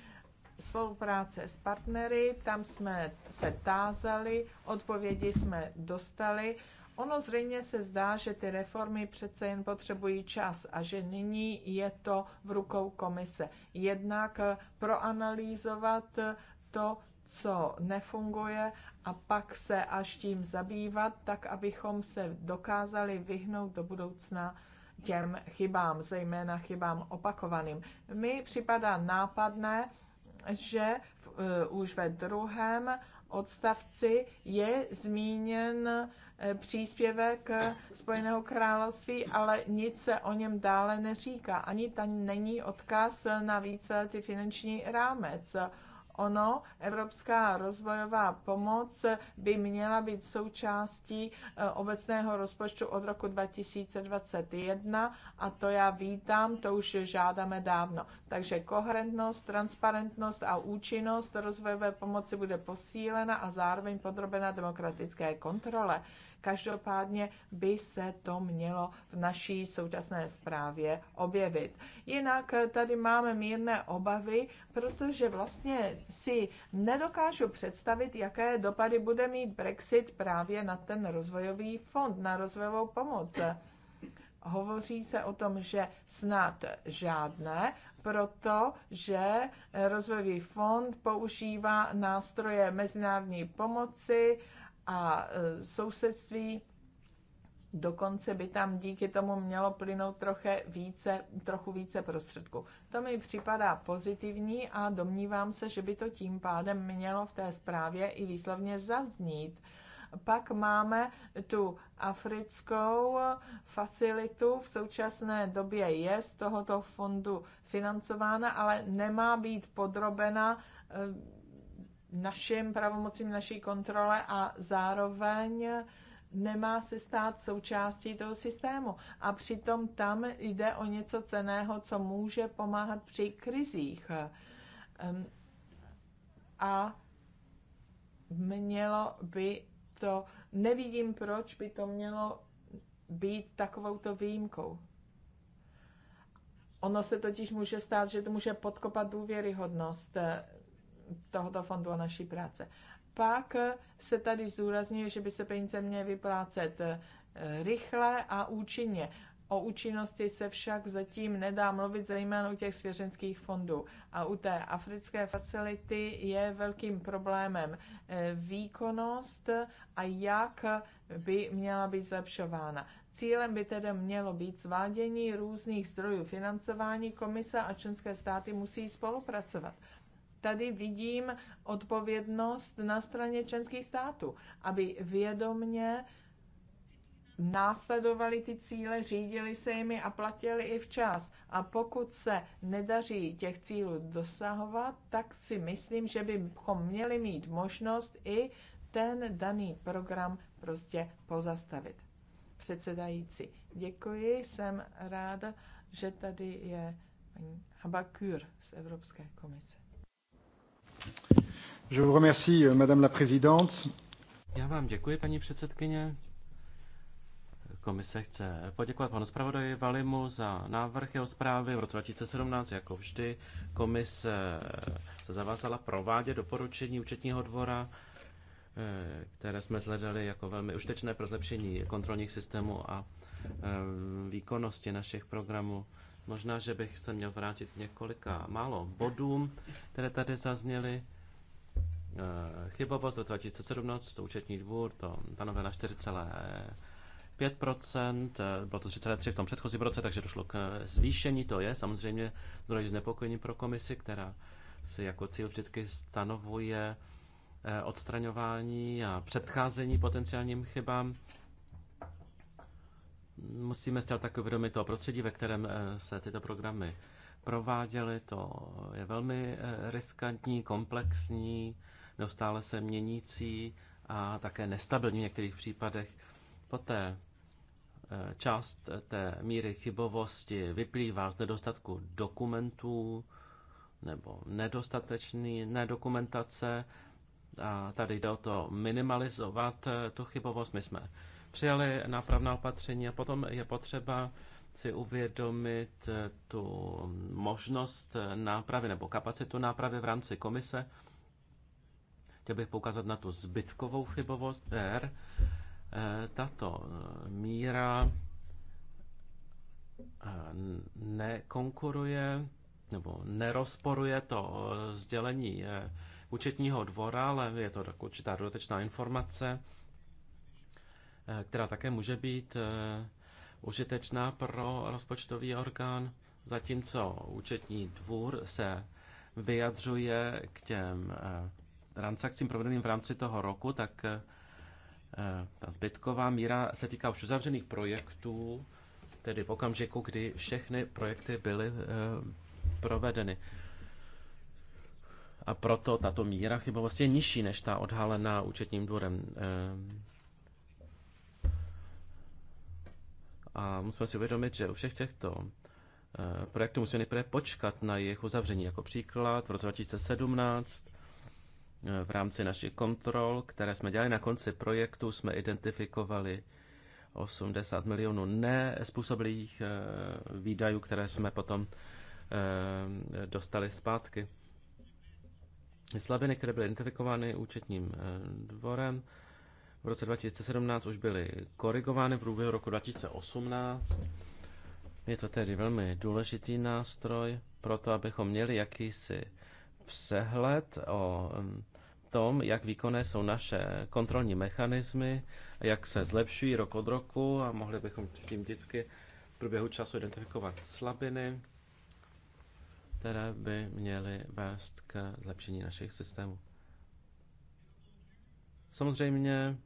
Speaker 3: Spolupráce s partnery, tam jsme se tázali, odpovědi jsme dostali Ono zřejmě se zdá, že ty reformy přece jen potřebují čas a že nyní je to v rukou komise. Jednak eh, proanalýzovat eh, to, co nefunguje a pak se až tím zabývat, tak abychom se dokázali vyhnout do budoucna těm chybám, zejména chybám opakovaným. Mi připadá nápadné, že v, eh, už ve druhém odstavci je zmíněn Eh, příspěvek eh, Spojeného království, ale nic se o něm dále neříká. Ani tam není odkaz na více ty finanční rámec. Ono, evropská rozvojová pomoc by měla být součástí eh, obecného rozpočtu od roku 2021 a to já vítám, to už žádáme dávno. Takže koherentnost, transparentnost a účinnost rozvojové pomoci bude posílena a zároveň podrobena demokratické kontrole. Každopádně by se to mělo v naší současné zprávě objevit. Jinak eh, tady máme mírné obavy, protože vlastně si nedokážu představit, jaké dopady bude mít Brexit právě na ten rozvojový fond, na rozvojovou pomoc. Hovoří se o tom, že snad žádné, protože rozvojový fond používá nástroje mezinárodní pomoci a e, sousedství Dokonce by tam díky tomu mělo plynout trochu více, trochu více prostředků. To mi připadá pozitivní a domnívám se, že by to tím pádem mělo v té zprávě i výslovně zaznít. Pak máme tu africkou facilitu, v současné době je z tohoto fondu financována, ale nemá být podrobena eh, našim pravomocím naší kontrole a zároveň nemá se stát součástí toho systému. A přitom tam jde o něco ceného, co může pomáhat při krizích. A mělo by to, nevidím, proč by to mělo být takovouto výjimkou. Ono se totiž může stát, že to může podkopat důvěryhodnost eh, tohoto fondu a naší práce. Pak se tady zdůrazňuje, že by se peníze měly vyplácet eh, rychle a účinně. O účinnosti se však zatím nedá mluvit, zejména u těch svěřenských fondů. A u té africké facility je velkým problémem eh, výkonnost a jak by měla být zlepšována. Cílem by tedy mělo být zvádění různých zdrojů financování. Komise a členské státy musí spolupracovat tady vidím odpovědnost na straně členských států, aby vědomně následovali ty cíle, řídili se jimi a platili i včas. A pokud se nedaří těch cílů dosahovat, tak si myslím, že bychom měli mít možnost i ten daný program prostě pozastavit. Předsedající, děkuji, jsem ráda, že tady je paní Habakur z Evropské komise.
Speaker 2: Je vous remercie, euh, madame la présidente. Já vám děkuji, paní předsedkyně. Komise chce poděkovat panu zpravodaji Valimu za návrh jeho zprávy v roce 2017. Jako vždy, komise se zavázala provádět doporučení účetního dvora, eh, které jsme sledali jako velmi užitečné pro zlepšení kontrolních systémů a eh, výkonnosti našich programů. Možná, že bych se měl vrátit několika málo bodům, které tady zazněly. Eh, chyba do 2017, to účetní dvůr, to stanovilo na 4,5%, eh, bylo to 3,3% v tom předchozím roce, takže došlo k eh, zvýšení, to je samozřejmě zdroj znepokojení pro komisi, která si jako cíl vždycky stanovuje odstraňování a předcházení potenciálním chybám. Musíme si ale tak uvědomit to prostředí, ve kterém se tyto programy prováděly. To je velmi riskantní, komplexní, neustále se měnící a také nestabilní v některých případech. Poté eh, část té míry chybovosti vyplývá z nedostatku dokumentů nebo nedostatečné nedokumentace. A tady jde o to minimalizovat eh, tu chybovost. My jsme přijali nápravná opatření a potom je potřeba si uvědomit eh, tu možnost nápravy nebo kapacitu nápravy v rámci komise. Chtěl bych poukázat na tu zbytkovou chybovost R. E, tato e, míra e, nekonkuruje nebo nerozporuje to sdělení účetního dvora, ale je to určitá dodatečná informace, která také může být užitečná pro rozpočtový orgán, zatímco účetní dvůr se vyjadřuje k těm transakcím provedeným v rámci toho roku, tak eh, ta zbytková míra se týká už uzavřených projektů, tedy v okamžiku, kdy všechny projekty byly eh, provedeny. A proto tato míra chybovosti je nižší než ta odhalená účetním dvorem. Eh, a musíme si uvědomit, že u všech těchto projektů musíme nejprve počkat na jejich uzavření. Jako příklad v roce 2017 v rámci našich kontrol, které jsme dělali na konci projektu, jsme identifikovali 80 milionů nespůsobilých eh, výdajů, které jsme potom eh, dostali zpátky. Slabiny, které byly identifikovány účetním eh, dvorem, v roce 2017 už byly korigovány v průběhu roku 2018. Je to tedy velmi důležitý nástroj pro to, abychom měli jakýsi přehled o tom, jak výkonné jsou naše kontrolní mechanismy, jak se zlepšují rok od roku a mohli bychom tím vždycky v průběhu času identifikovat slabiny, které by měly vést k zlepšení našich systémů. Samozřejmě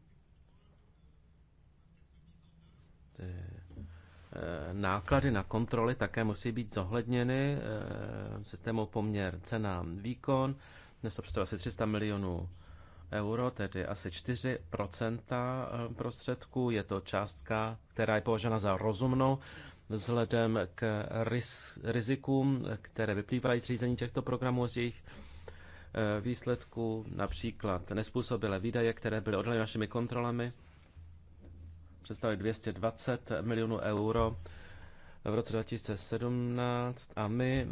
Speaker 2: ty Eh, náklady na kontroly také musí být zohledněny eh, systémou poměr cena výkon. Dnes to asi 300 milionů euro, tedy asi 4 eh, prostředků. Je to částka, která je považena za rozumnou vzhledem k riz, rizikům, které vyplývají z řízení těchto programů, z jejich výsledků, například nespůsobilé výdaje, které byly odhaleny našimi kontrolami představuje 220 milionů euro v roce 2017 a my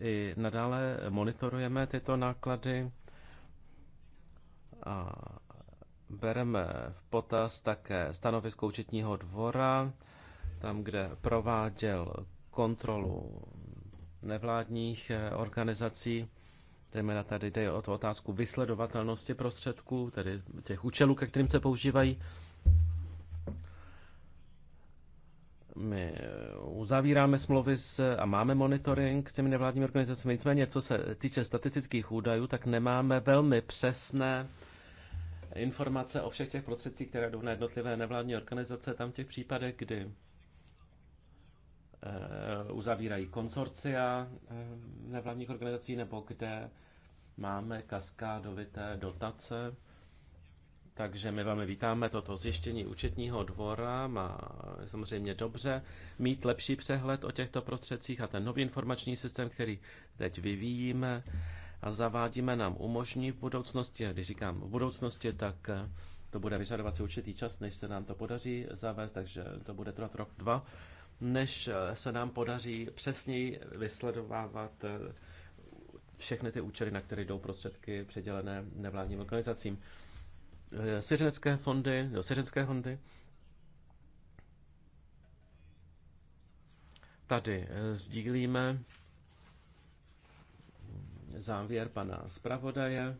Speaker 2: i nadále monitorujeme tyto náklady a bereme v potaz také stanovisko účetního dvora, tam, kde prováděl kontrolu nevládních eh, organizací, zejména tady jde o tu otázku vysledovatelnosti prostředků, tedy těch účelů, ke kterým se používají. my eh, uzavíráme smlouvy s, a máme monitoring s těmi nevládními organizacemi. Nicméně, co se týče statistických údajů, tak nemáme velmi přesné informace o všech těch prostředcích, které jdou na jednotlivé nevládní organizace, tam těch případech, kdy eh, uzavírají konsorcia eh, nevládních organizací nebo kde máme kaskádovité dotace takže my vám vítáme toto zjištění účetního dvora. Má samozřejmě dobře mít lepší přehled o těchto prostředcích a ten nový informační systém, který teď vyvíjíme a zavádíme, nám umožní v budoucnosti, a když říkám v budoucnosti, tak eh, to bude vyžadovat si určitý čas, než se nám to podaří zavést, takže to bude trvat rok, dva, než eh, se nám podaří přesněji vysledovávat eh, všechny ty účely, na které jdou prostředky předělené nevládním organizacím. Eh, svěřenecké fondy, do svěřenské fondy. Tady eh, sdílíme závěr pana zpravodaje,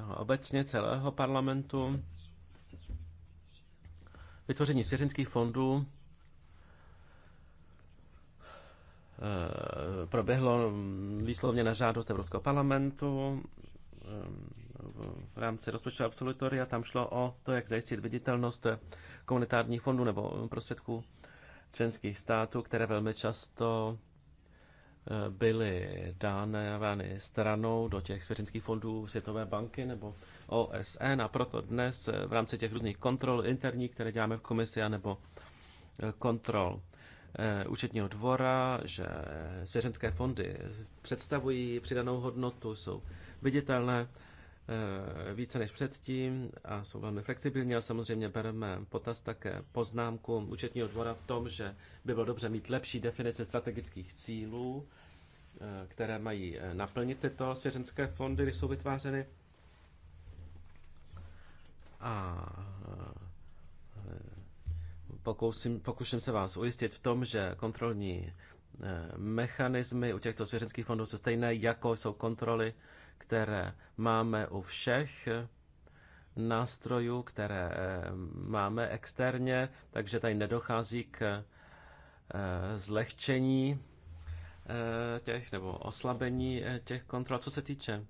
Speaker 2: no obecně celého parlamentu. Vytvoření svěřenských fondů eh, proběhlo mm, výslovně na žádost Evropského parlamentu ehm, v rámci rozpočtu absolutoria. Tam šlo o to, jak zajistit viditelnost komunitárních fondů nebo prostředků členských států, které velmi často eh, byly dány stranou do těch svěřenských fondů Světové banky nebo OSN a proto dnes eh, v rámci těch různých kontrol interních, které děláme v komisi, nebo eh, kontrol účetního dvora, že svěřenské fondy představují přidanou hodnotu, jsou viditelné Eh, více než předtím a jsou velmi flexibilní a samozřejmě bereme potaz také poznámku účetního dvora v tom, že by bylo dobře mít lepší definice strategických cílů, eh, které mají eh, naplnit tyto svěřenské fondy, když jsou vytvářeny. A pokusím, pokuším se vás ujistit v tom, že kontrolní mechanismy u těchto svěřenských fondů jsou stejné, jako jsou kontroly které máme u všech nástrojů, které eh, máme externě, takže tady nedochází k eh, zlehčení eh, těch nebo oslabení těch kontrol. Co se týče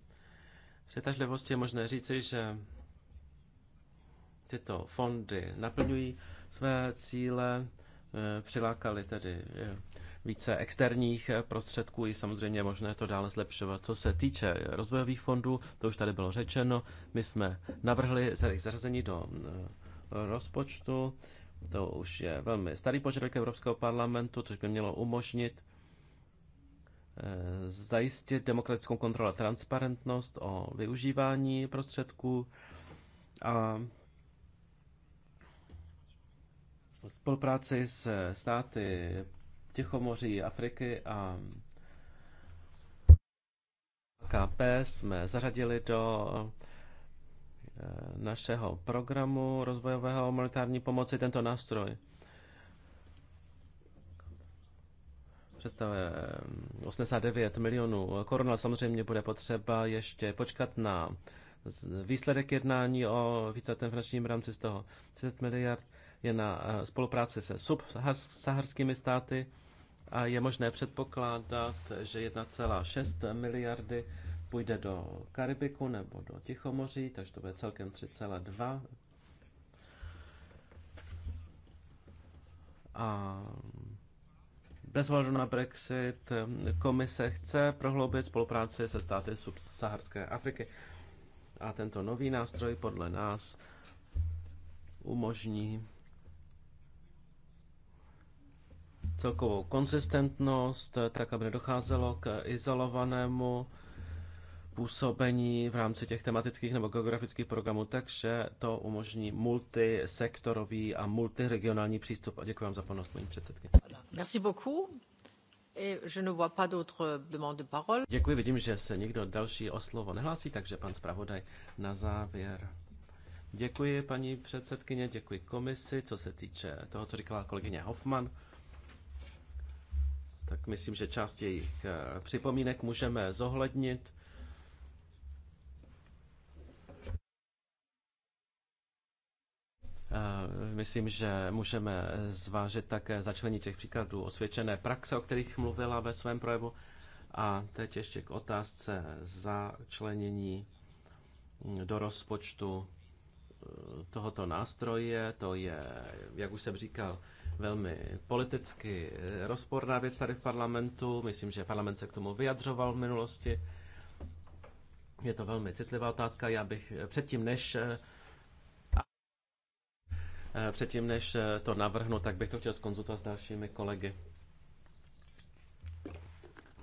Speaker 2: přitažlivosti, je možné říci, že tyto fondy naplňují své cíle, přilákali tedy více externích prostředků i samozřejmě možné to dále zlepšovat. Co se týče rozvojových fondů, to už tady bylo řečeno, my jsme navrhli zařazení do mm, rozpočtu, to už je velmi starý požadavek Evropského parlamentu, což by mělo umožnit eh, zajistit demokratickou kontrolu a transparentnost o využívání prostředků a spolupráci s státy Tichomoří Afriky a KP jsme zařadili do eh, našeho programu rozvojového humanitární pomoci tento nástroj. Představuje 89 eh, milionů korun, ale samozřejmě bude potřeba ještě počkat na výsledek jednání o víceletém finančním rámci z toho 30 miliard je na eh, spolupráci se subsaharskými státy a je možné předpokládat, že 1,6 miliardy půjde do Karibiku nebo do Tichomoří, takže to bude celkem 3,2. A bez ohledu na Brexit komise chce prohloubit spolupráci se státy subsaharské Afriky. A tento nový nástroj podle nás umožní celkovou konzistentnost, tak aby nedocházelo k izolovanému působení v rámci těch tematických nebo geografických programů, takže to umožní multisektorový a multiregionální přístup. A děkuji vám za pozornost, paní předsedky.
Speaker 3: Merci beaucoup. Je ne vois pas d'autres demandes de parole.
Speaker 2: Děkuji, vidím, že se nikdo další o slovo nehlásí, takže pan zpravodaj na závěr. Děkuji, paní předsedkyně, děkuji komisi, co se týče toho, co říkala kolegyně Hoffman tak myslím, že část jejich eh, připomínek můžeme zohlednit. Eh, myslím, že můžeme zvážit také začlení těch příkladů osvědčené praxe, o kterých mluvila ve svém projevu. A teď ještě k otázce začlenění mm, do rozpočtu eh, tohoto nástroje. To je, jak už jsem říkal, velmi politicky eh, rozporná věc tady v parlamentu. Myslím, že parlament se k tomu vyjadřoval v minulosti. Je to velmi citlivá otázka. Já bych eh, předtím, než eh, předtím, než to navrhnu, tak bych to chtěl skonzultovat s dalšími kolegy.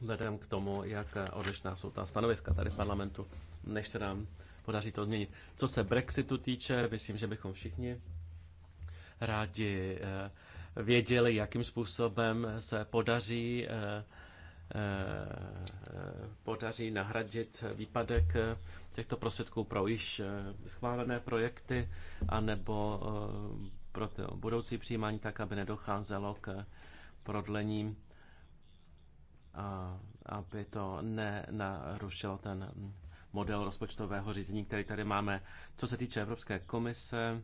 Speaker 2: Vzhledem k tomu, jak odlišná jsou ta stanoviska tady v parlamentu, než se nám podaří to změnit. Co se Brexitu týče, myslím, že bychom všichni rádi věděli, jakým způsobem se podaří, eh, eh, podaří nahradit výpadek těchto prostředků pro již eh, schválené projekty anebo pro to budoucí přijímání, tak aby nedocházelo k prodlením a aby to nenarušilo ten model rozpočtového řízení, který tady máme. Co se týče Evropské komise,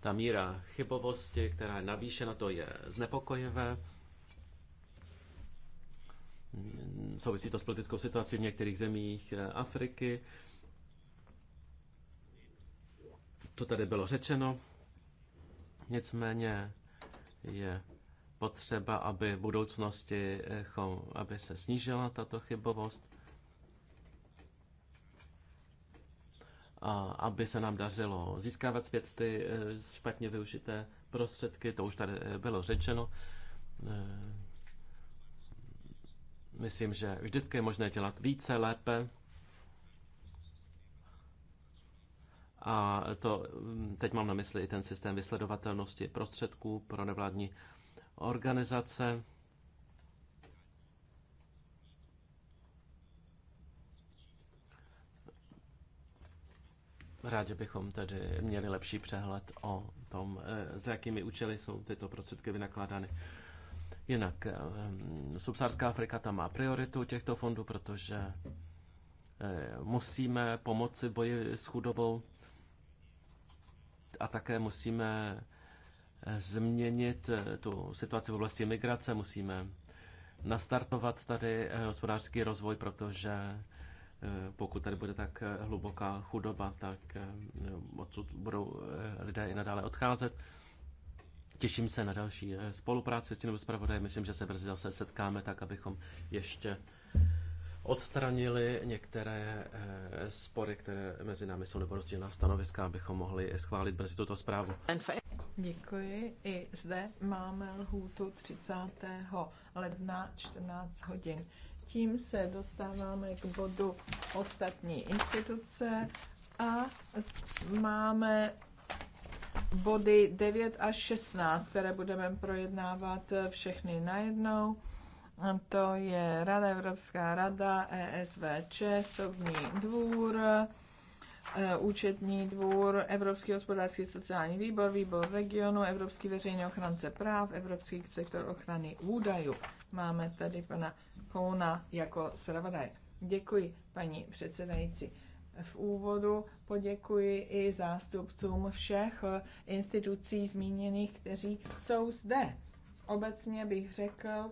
Speaker 2: ta míra chybovosti, která je navýšena, to je znepokojivé. Souvisí to s politickou situací v některých zemích eh, Afriky. To tady bylo řečeno. Nicméně je potřeba, aby v budoucnosti eh, aby se snížila tato chybovost. a aby se nám dařilo získávat zpět ty eh, špatně využité prostředky, to už tady eh, bylo řečeno. Eh, myslím, že vždycky je možné dělat více, lépe. A to hm, teď mám na mysli i ten systém vysledovatelnosti prostředků pro nevládní organizace. Rádi bychom tedy měli lepší přehled o tom, za eh, jakými účely jsou tyto prostředky vynakládány. Jinak, eh, subsárská Afrika tam má prioritu těchto fondů, protože eh, musíme pomoci v boji s chudobou a také musíme změnit tu situaci v oblasti migrace, musíme nastartovat tady hospodářský rozvoj, protože Eh, pokud tady bude tak eh, hluboká chudoba, tak eh, odsud budou lidé i nadále odcházet. Těším se na další spolupráci s tím zpravodajem. Myslím, že se brzy zase setkáme tak, abychom ještě odstranili některé spory, které mezi námi jsou nebo rozdílná stanoviska, abychom mohli schválit brzy tuto zprávu.
Speaker 3: Děkuji. I zde máme lhůtu 30. ledna 14 hodin. Tím se dostáváme k bodu ostatní instituce a máme body 9 až 16, které budeme projednávat všechny najednou. To je Rada Evropská rada, ESVČ, Soudní dvůr, e, Účetní dvůr, Evropský hospodářský sociální výbor, výbor regionu, Evropský veřejný ochránce práv, Evropský sektor ochrany údajů. Máme tady pana Kouna jako zpravodaj. Děkuji, paní předsedající. V úvodu poděkuji i zástupcům všech institucí zmíněných, kteří jsou zde. Obecně bych řekl,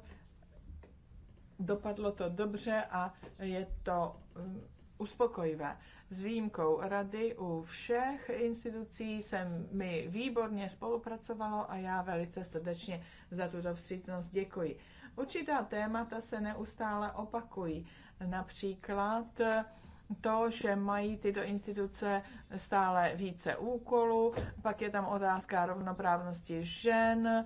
Speaker 3: dopadlo to dobře a je to um, uspokojivé. S výjimkou rady u všech institucí se mi výborně spolupracovalo a já velice srdečně za tuto vstřícnost děkuji. Určitá témata se neustále opakují. Například to, že mají tyto instituce stále více úkolů, pak je tam otázka rovnoprávnosti žen,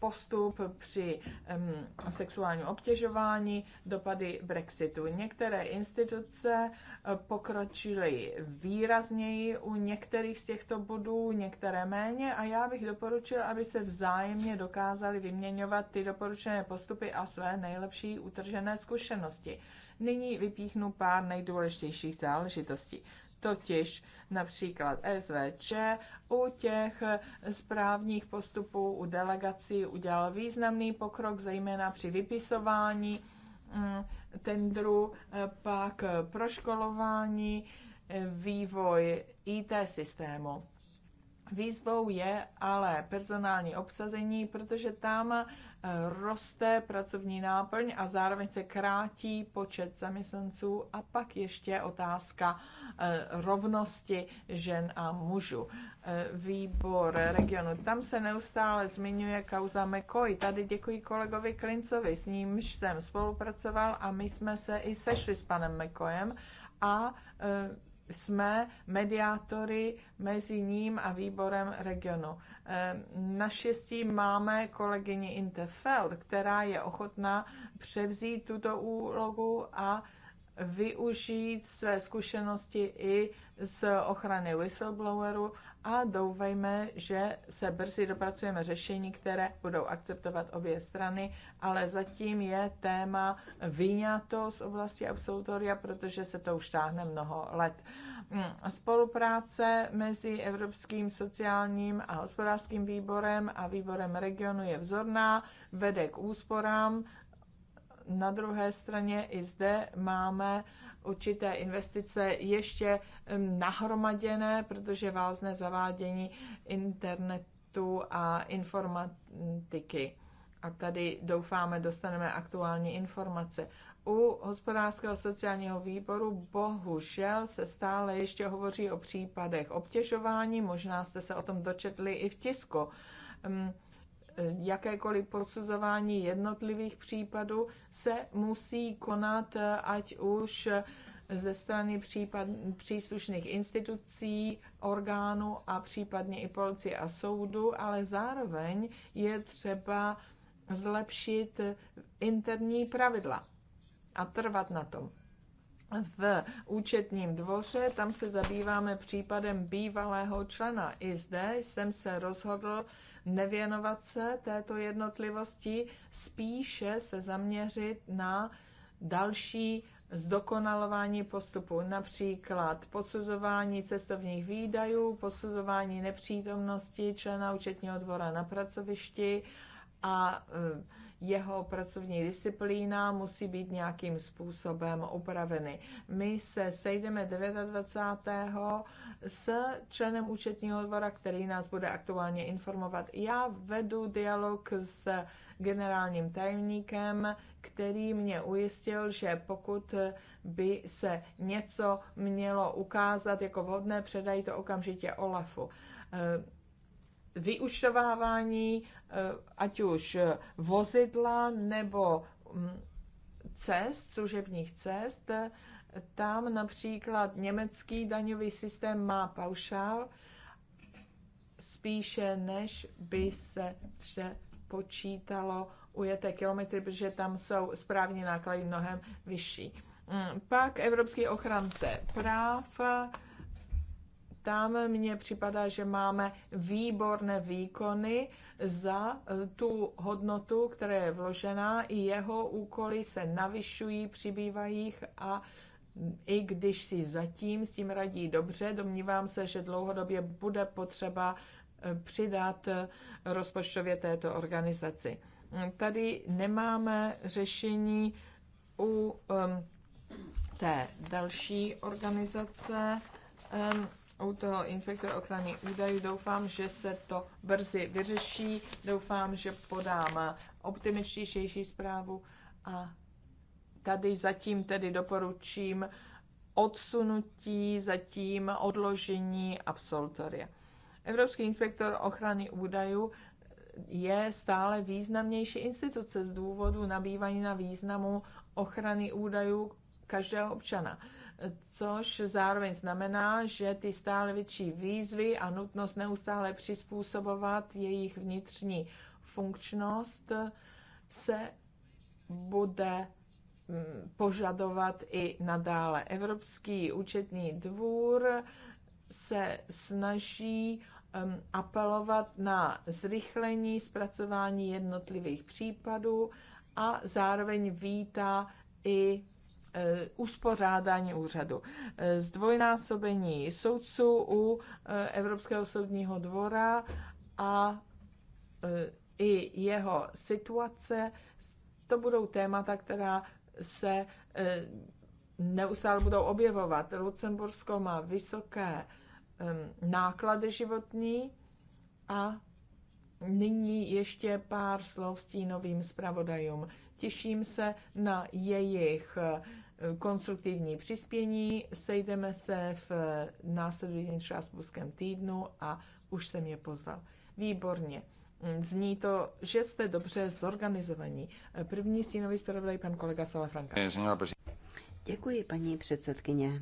Speaker 3: postup při um, sexuálním obtěžování, dopady Brexitu. Některé instituce eh, pokročily výrazněji u některých z těchto bodů, některé méně a já bych doporučil, aby se vzájemně dokázali vyměňovat ty doporučené postupy a své nejlepší utržené zkušenosti. Nyní vypíchnu pár nejdůležitějších záležitostí totiž například SVČ u těch správních postupů u delegací udělal významný pokrok, zejména při vypisování mm, tendru, eh, pak eh, proškolování, eh, vývoj IT systému. Výzvou je ale personální obsazení, protože tam roste pracovní náplň a zároveň se krátí počet zaměstnanců a pak ještě otázka eh, rovnosti žen a mužů. Eh, výbor regionu, tam se neustále zmiňuje kauza McCoy. Tady děkuji kolegovi Klincovi, s nímž jsem spolupracoval a my jsme se i sešli s panem McCoyem a eh, jsme mediátory mezi ním a výborem regionu. Ehm, naštěstí máme kolegyni Interfeld, která je ochotná převzít tuto úlohu a využít své zkušenosti i z ochrany whistlebloweru a doufejme, že se brzy dopracujeme řešení, které budou akceptovat obě strany, ale zatím je téma vyňato z oblasti absolutoria, protože se to už táhne mnoho let. Mm, spolupráce mezi Evropským sociálním a hospodářským výborem a výborem regionu je vzorná, vede k úsporám. Na druhé straně i zde máme uh, určité investice ještě hm, nahromaděné, protože vázne zavádění internetu a informatiky. A tady doufáme, dostaneme aktuální informace. U hospodářského sociálního výboru bohužel se stále ještě hovoří o případech obtěžování, možná jste se o tom dočetli i v tisku. Hm, jakékoliv posuzování jednotlivých případů se musí konat ať už ze strany případ, příslušných institucí, orgánů a případně i policie a soudu, ale zároveň je třeba zlepšit interní pravidla a trvat na tom. V účetním dvoře tam se zabýváme případem bývalého člena. I zde jsem se rozhodl nevěnovat se této jednotlivosti, spíše se zaměřit na další zdokonalování postupu, například posuzování cestovních výdajů, posuzování nepřítomnosti člena účetního dvora na pracovišti a e, jeho pracovní disciplína musí být nějakým způsobem upraveny. My se sejdeme 29. s členem účetního dvora, který nás bude aktuálně informovat. Já vedu dialog s generálním tajemníkem, který mě ujistil, že pokud by se něco mělo ukázat jako vhodné, předají to okamžitě Olafu vyučtovávání, eh, ať už vozidla nebo mm, cest, služebních cest. Tam například německý daňový systém má paušál spíše, než by se přepočítalo ujeté kilometry, protože tam jsou správní náklady mnohem vyšší. Mm, pak Evropský ochránce práv tam mně připadá, že máme výborné výkony za e, tu hodnotu, která je vložená. I jeho úkoly se navyšují, přibývají a i když si zatím s tím radí dobře, domnívám se, že dlouhodobě bude potřeba e, přidat e, rozpočtově této organizaci. Tady nemáme řešení u um, té další organizace. Um, u toho inspektora ochrany údajů. Doufám, že se to brzy vyřeší. Doufám, že podám optimističtější zprávu a tady zatím tedy doporučím odsunutí, zatím odložení absolutoria. Evropský inspektor ochrany údajů je stále významnější instituce z důvodu nabývání na významu ochrany údajů každého občana což zároveň znamená, že ty stále větší výzvy a nutnost neustále přizpůsobovat jejich vnitřní funkčnost se bude mm, požadovat i nadále. Evropský účetní dvůr se snaží mm, apelovat na zrychlení zpracování jednotlivých případů a zároveň vítá i Eh, uspořádání úřadu, eh, zdvojnásobení soudců u eh, Evropského soudního dvora a i jeho situace. To budou témata, která se neustále budou objevovat. Lucembursko má vysoké náklady životní a nyní ještě pár slov s tím novým zpravodajům. Těším se na jejich uh, konstruktivní přispění. Sejdeme se v následujícím Štrasburském týdnu a už jsem je pozval. Výborně. Zní to, že jste dobře zorganizovaní. První stínový zpravodaj pan kolega Salafranka.
Speaker 1: Eh, Děkuji, paní předsedkyně.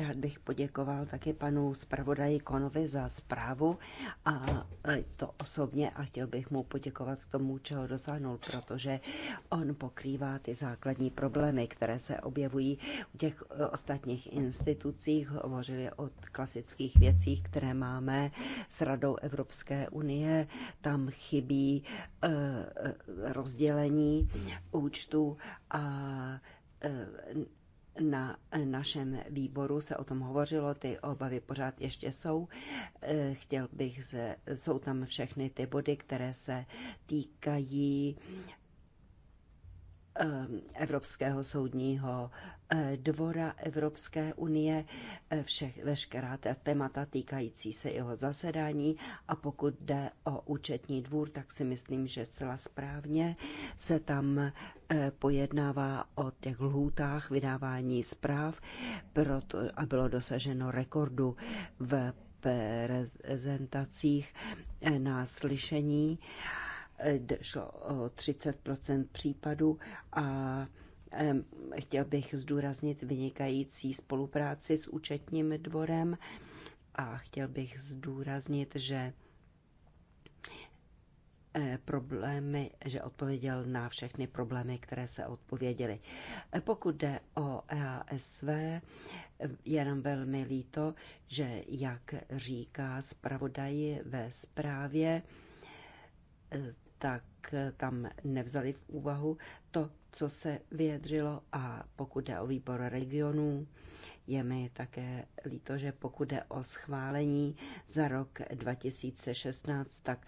Speaker 1: Rád bych poděkoval taky panu zpravodaji Konovi za zprávu a e, to osobně a chtěl bych mu poděkovat k tomu, čeho dosáhnul, protože on pokrývá ty základní problémy, které se objevují u těch e, ostatních institucích. Hovořili o klasických věcích, které máme s Radou Evropské unie. Tam chybí e, rozdělení účtu a na našem výboru se o tom hovořilo, ty obavy pořád ještě jsou. Eh, chtěl bych, se, jsou tam všechny ty body, které se týkají eh, Evropského soudního Eh, dvora Evropské unie eh, všech, veškerá témata týkající se jeho zasedání a pokud jde o účetní dvůr, tak si myslím, že zcela správně se tam eh, pojednává o těch lhůtách vydávání zpráv proto, a bylo dosaženo rekordu v prezentacích na slyšení. Šlo o 30 případů a Chtěl bych zdůraznit vynikající spolupráci s účetním dvorem a chtěl bych zdůraznit, že e, problémy, že odpověděl na všechny problémy, které se odpověděly. E, pokud jde o EASV, je nám velmi líto, že, jak říká zpravodaj ve zprávě, e, tak tam nevzali v úvahu to, co se vyjadřilo a pokud jde o výbor regionů, je mi také líto, že pokud jde o schválení za rok 2016, tak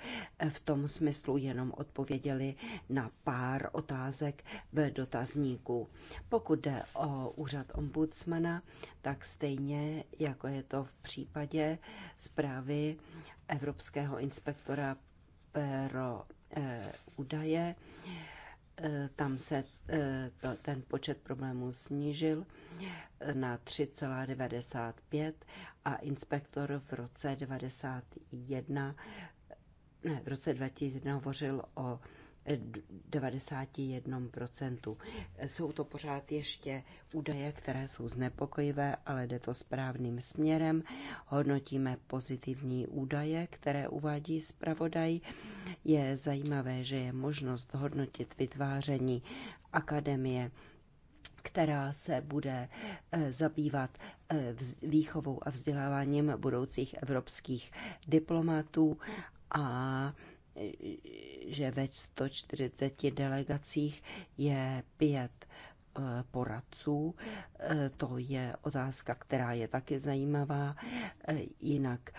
Speaker 1: v tom smyslu jenom odpověděli na pár otázek ve dotazníku. Pokud jde o úřad ombudsmana, tak stejně jako je to v případě zprávy Evropského inspektora pro eh, údaje, eh, Eh, tam se eh, ten počet problémů snížil na 3,95 a inspektor v roce 91 ne, v roce 2001 hovořil o 91%. Jsou to pořád ještě údaje, které jsou znepokojivé, ale jde to správným směrem. Hodnotíme pozitivní údaje, které uvádí zpravodaj. Je zajímavé, že je možnost hodnotit vytváření akademie která se bude eh, zabývat eh, výchovou a vzděláváním budoucích evropských diplomatů a že ve 140 delegacích je pět eh, poradců. Eh, to je otázka, která je taky zajímavá. Eh, jinak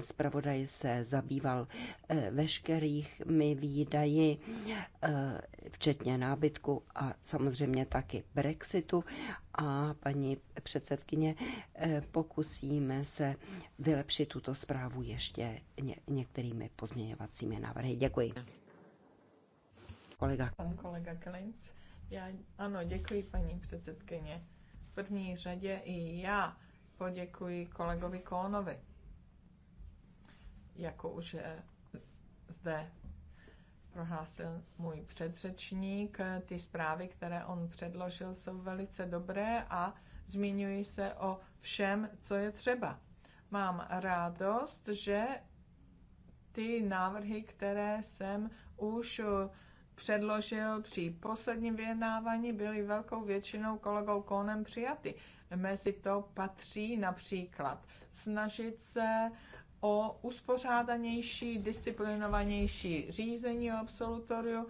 Speaker 1: zpravodaj se zabýval eh, veškerými výdaji, eh, včetně nábytku a samozřejmě taky Brexitu. A paní předsedkyně, eh, pokusíme se vylepšit tuto zprávu ještě některými pozměňovacími návrhy. Děkuji. Kolega. Pan kolega
Speaker 3: Klinc. Já, ano, děkuji paní předsedkyně. V první řadě i já poděkuji kolegovi Kónovi jako už zde prohlásil můj předřečník. Ty zprávy, které on předložil, jsou velice dobré a zmiňuji se o všem, co je třeba. Mám radost, že ty návrhy, které jsem už předložil při posledním vyjednávání, byly velkou většinou kolegou Konem přijaty. Mezi to patří například snažit se o uspořádanější, disciplinovanější řízení o absolutoriu.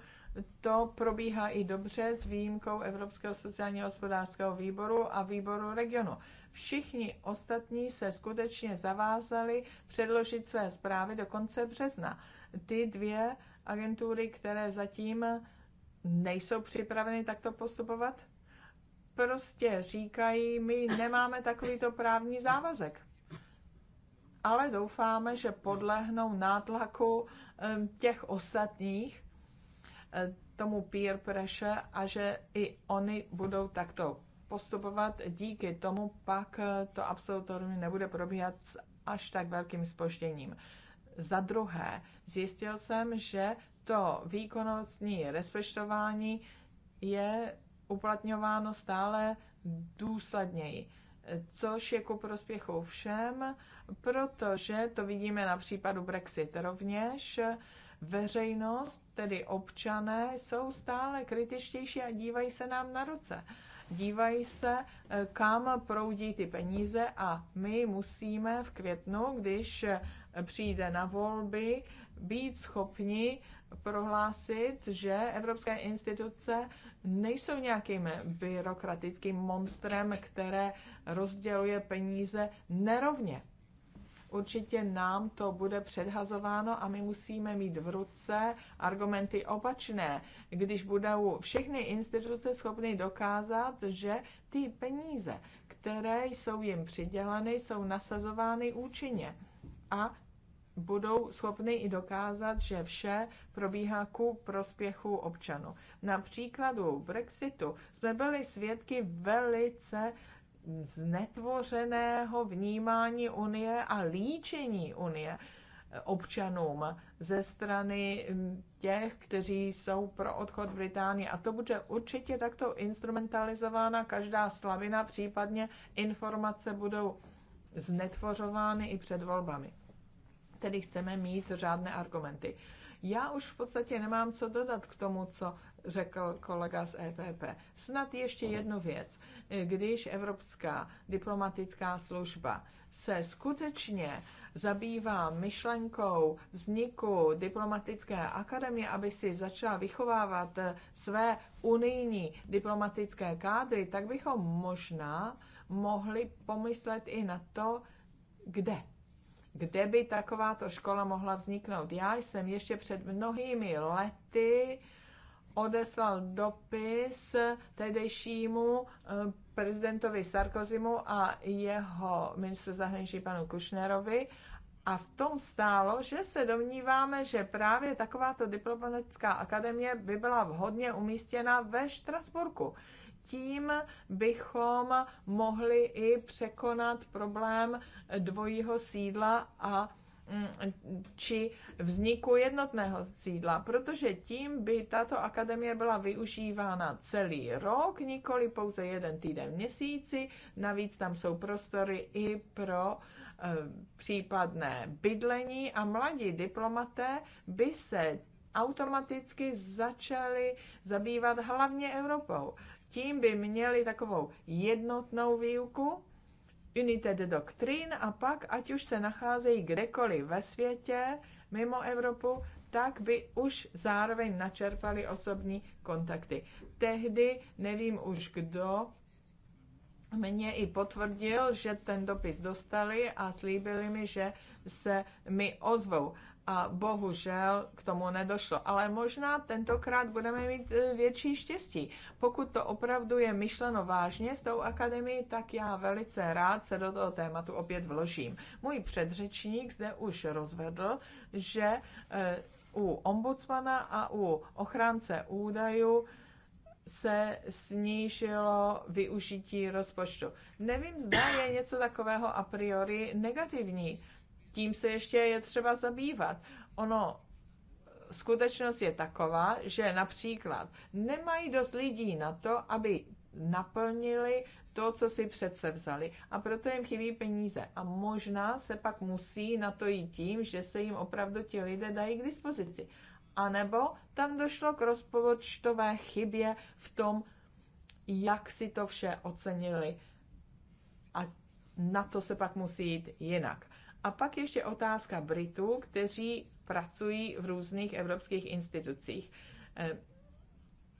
Speaker 3: To probíhá i dobře s výjimkou Evropského sociálního hospodářského výboru a výboru regionu. Všichni ostatní se skutečně zavázali předložit své zprávy do konce března. Ty dvě agentury, které zatím nejsou připraveny takto postupovat, prostě říkají, my nemáme takovýto právní závazek ale doufáme, že podlehnou nátlaku těch ostatních, e, tomu peer pressure a že i oni budou takto postupovat. Díky tomu pak e, to absolutorium nebude probíhat s až tak velkým spožděním. Za druhé, zjistil jsem, že to výkonnostní respektování je uplatňováno stále důsledněji což je ku prospěchu všem, protože to vidíme na případu Brexit rovněž, veřejnost, tedy občané, jsou stále kritičtější a dívají se nám na ruce. Dívají se, kam proudí ty peníze a my musíme v květnu, když přijde na volby, být schopni prohlásit, že evropské instituce nejsou nějakým byrokratickým monstrem, které rozděluje peníze nerovně. Určitě nám to bude předhazováno a my musíme mít v ruce argumenty opačné, když budou všechny instituce schopny dokázat, že ty peníze, které jsou jim přiděleny, jsou nasazovány účinně a budou schopny i dokázat, že vše probíhá ku prospěchu občanů. Na příkladu Brexitu jsme byli svědky velice znetvořeného vnímání Unie a líčení Unie občanům ze strany těch, kteří jsou pro odchod Británie. A to bude určitě takto instrumentalizována každá slavina, případně informace budou znetvořovány i před volbami tedy chceme mít řádné argumenty. Já už v podstatě nemám co dodat k tomu, co řekl kolega z EPP. Snad ještě jednu věc. Když Evropská diplomatická služba se skutečně zabývá myšlenkou vzniku diplomatické akademie, aby si začala vychovávat své unijní diplomatické kádry, tak bychom možná mohli pomyslet i na to, kde kde by takováto škola mohla vzniknout. Já jsem ještě před mnohými lety odeslal dopis tehdejšímu eh, prezidentovi Sarkozymu a jeho ministru zahraničí panu Kušnerovi a v tom stálo, že se domníváme, že právě takováto diplomatická akademie by byla vhodně umístěna ve Štrasburku tím bychom mohli i překonat problém dvojího sídla a mm, či vzniku jednotného sídla, protože tím by tato akademie byla využívána celý rok, nikoli pouze jeden týden v měsíci. Navíc tam jsou prostory i pro e, případné bydlení a mladí diplomaté by se automaticky začali zabývat hlavně Evropou. Tím by měli takovou jednotnou výuku, United Doctrine, doktrín a pak, ať už se nacházejí kdekoliv ve světě, mimo Evropu, tak by už zároveň načerpali osobní kontakty. Tehdy, nevím už kdo, mě i potvrdil, že ten dopis dostali a slíbili mi, že se mi ozvou. A bohužel k tomu nedošlo. Ale možná tentokrát budeme mít e, větší štěstí. Pokud to opravdu je myšleno vážně s tou akademií, tak já velice rád se do toho tématu opět vložím. Můj předřečník zde už rozvedl, že e, u ombudsmana a u ochránce údajů se snížilo využití rozpočtu. Nevím, zda je něco takového a priori negativní tím se ještě je třeba zabývat. Ono, skutečnost je taková, že například nemají dost lidí na to, aby naplnili to, co si přece vzali. A proto jim chybí peníze. A možná se pak musí na to jít tím, že se jim opravdu ti lidé dají k dispozici. A nebo tam došlo k rozpočtové chybě v tom, jak si to vše ocenili. A na to se pak musí jít jinak. A pak ještě otázka Britů, kteří pracují v různých evropských institucích. Eh,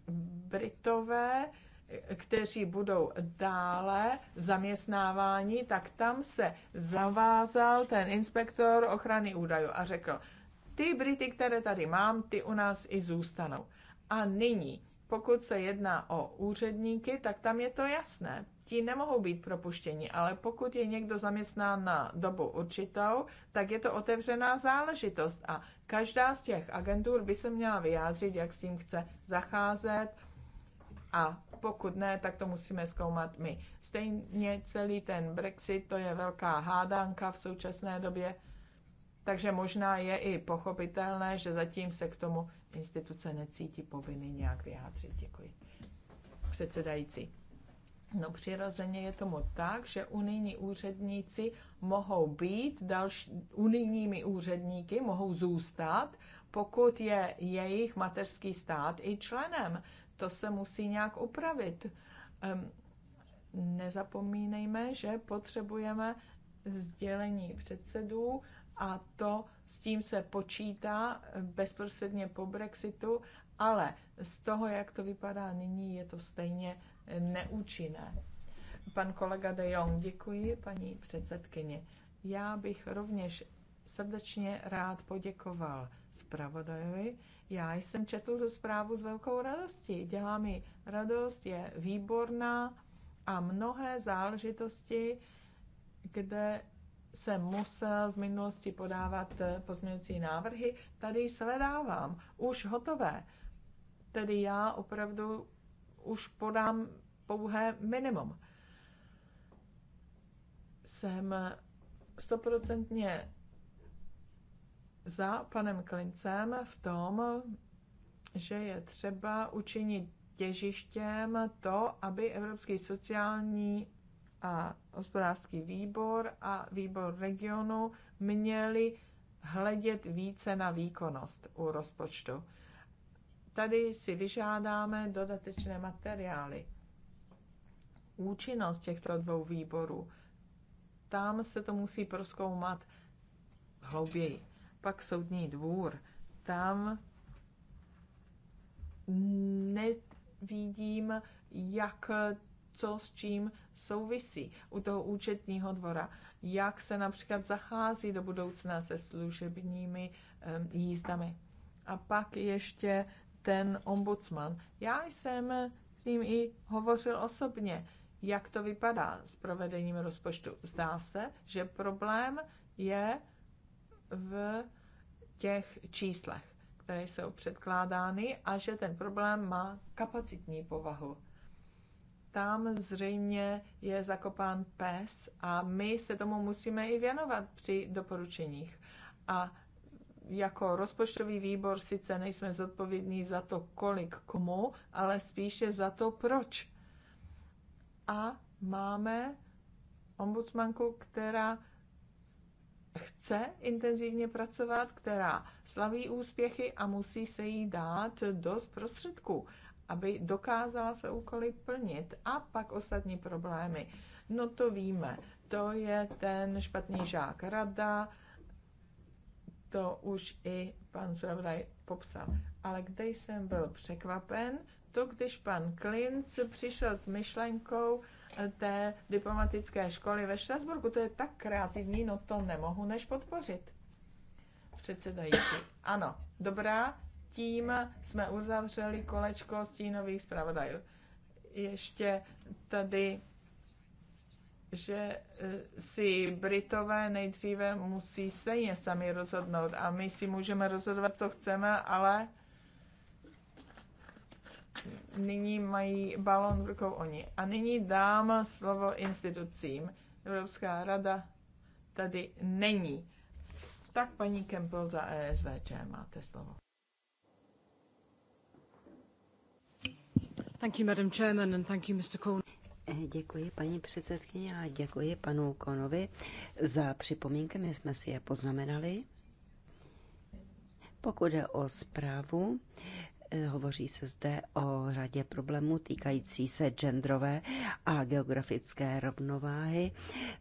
Speaker 3: Britové, eh, kteří budou dále zaměstnáváni, tak tam se zavázal ten inspektor ochrany údajů a řekl, ty Brity, které tady mám, ty u nás i zůstanou. A nyní pokud se jedná o úředníky, tak tam je to jasné. Ti nemohou být propuštěni, ale pokud je někdo zaměstnán na dobu určitou, tak je to otevřená záležitost a každá z těch agentur by se měla vyjádřit, jak s tím chce zacházet a pokud ne, tak to musíme zkoumat my. Stejně celý ten Brexit, to je velká hádanka v současné době, takže možná je i pochopitelné, že zatím se k tomu instituce necítí povinny nějak vyjádřit. Děkuji. Předsedající. No přirozeně je tomu tak, že unijní úředníci mohou být další, unijními úředníky, mohou zůstat, pokud je jejich mateřský stát i členem. To se musí nějak upravit. Nezapomínejme, že potřebujeme sdělení předsedů a to s tím se počítá bezprostředně po Brexitu, ale z toho, jak to vypadá nyní, je to stejně neúčinné. Pan kolega De Jong, děkuji paní předsedkyně. Já bych rovněž srdečně rád poděkoval zpravodajovi. Já jsem četl tu zprávu s velkou radostí. Dělá mi radost, je výborná a mnohé záležitosti, kde se musel v minulosti podávat eh, pozměňující návrhy, tady sledávám, už hotové. Tedy já opravdu už podám pouhé minimum. Jsem eh, stoprocentně za panem Klincem v tom, že je třeba učinit těžištěm to, aby Evropský sociální a hospodářský výbor a výbor regionu měli hledět více na výkonnost u rozpočtu. Tady si vyžádáme dodatečné materiály. Účinnost těchto dvou výborů, tam se to musí proskoumat hlouběji. Pak soudní dvůr, tam nevidím, jak co s čím souvisí u toho účetního dvora, jak se například zachází do budoucna se služebními jízdami. A pak ještě ten ombudsman. Já jsem s ním i hovořil osobně, jak to vypadá s provedením rozpočtu. Zdá se, že problém je v těch číslech, které jsou předkládány a že ten problém má kapacitní povahu tam zřejmě je zakopán pes a my se tomu musíme i věnovat při doporučeních. A jako rozpočtový výbor sice nejsme zodpovědní za to, kolik komu, ale spíše za to, proč. A máme ombudsmanku, která chce intenzivně pracovat, která slaví úspěchy a musí se jí dát dost prostředků aby dokázala se úkoly plnit a pak ostatní problémy. No to víme, to je ten špatný žák rada, to už i pan Zavraj popsal. Ale kde jsem byl překvapen, to když pan Klinc přišel s myšlenkou eh, té diplomatické školy ve Štrasburku, to je tak kreativní, no to nemohu než podpořit. Předsedající. Ano, dobrá, tím jsme uzavřeli kolečko stínových zpravodajů. Ještě tady, že eh, si Britové nejdříve musí stejně sami rozhodnout a my si můžeme rozhodovat, co chceme, ale nyní mají balon v rukou oni. A nyní dám slovo institucím. Evropská rada tady není. Tak paní Kempel za ESVČ máte slovo.
Speaker 1: Thank you, Madam Chairman, and thank you, Mr. Eh, děkuji paní předsedkyně a děkuji panu Konovi za připomínky, my jsme si je poznamenali. Pokud je o zprávu, Hovoří se zde o řadě problémů týkající se genderové a geografické rovnováhy,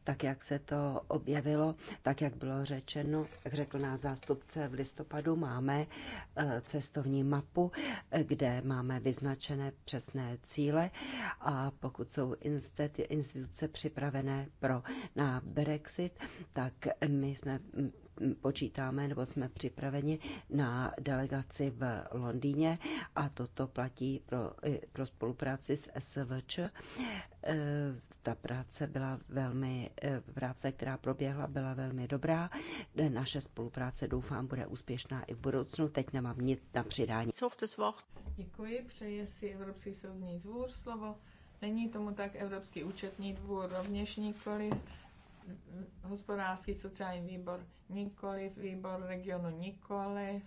Speaker 1: tak jak se to objevilo, tak jak bylo řečeno, jak řekl náš zástupce v listopadu, máme eh, cestovní mapu, eh, kde máme vyznačené přesné cíle a pokud jsou instituce připravené pro na Brexit, tak my jsme počítáme nebo jsme připraveni na delegaci v Londýně a toto platí pro, pro spolupráci s SVČ. E, ta práce byla velmi, e, práce, která proběhla, byla velmi dobrá. E, naše spolupráce, doufám, bude úspěšná i v budoucnu. Teď nemám nic na přidání.
Speaker 3: Děkuji, přeje si Evropský soudní zvůr slovo. Není tomu tak Evropský účetní dvůr rovněž nikoli hospodářský sociální výbor nikoliv, výbor regionu nikoliv,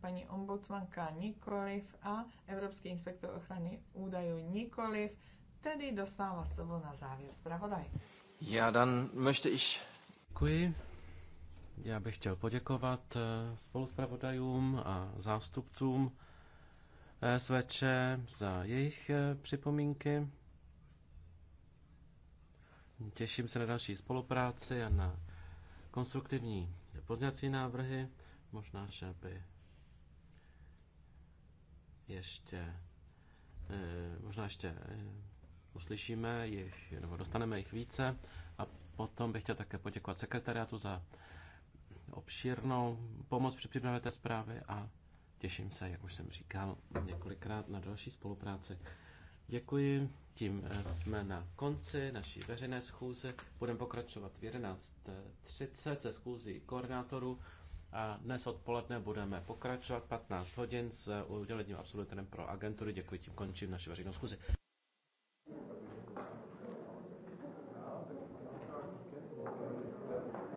Speaker 3: paní ombudsmanka nikoliv a Evropský inspektor ochrany údajů nikoliv, tedy dostává slovo na závěr zpravodaj.
Speaker 2: Já dan möchte ich... Děkuji. Já bych chtěl poděkovat eh, spoluzpravodajům a zástupcům eh, SVČ za jejich eh, připomínky. Těším se na další spolupráci a na konstruktivní pozněcí návrhy. Možná, že by ještě eh, možná ještě eh, uslyšíme jich, nebo dostaneme jich více. A potom bych chtěl také poděkovat sekretariátu za obšírnou pomoc při přípravě té zprávy a těším se, jak už jsem říkal, několikrát na další spolupráci. Děkuji. Tím eh, jsme na konci naší veřejné schůze. Budeme pokračovat v 11.30 se schůzí koordinátorů a dnes odpoledne budeme pokračovat 15 hodin s udělením absolutorem pro agentury. Děkuji, tím končím naši veřejnou schůzi.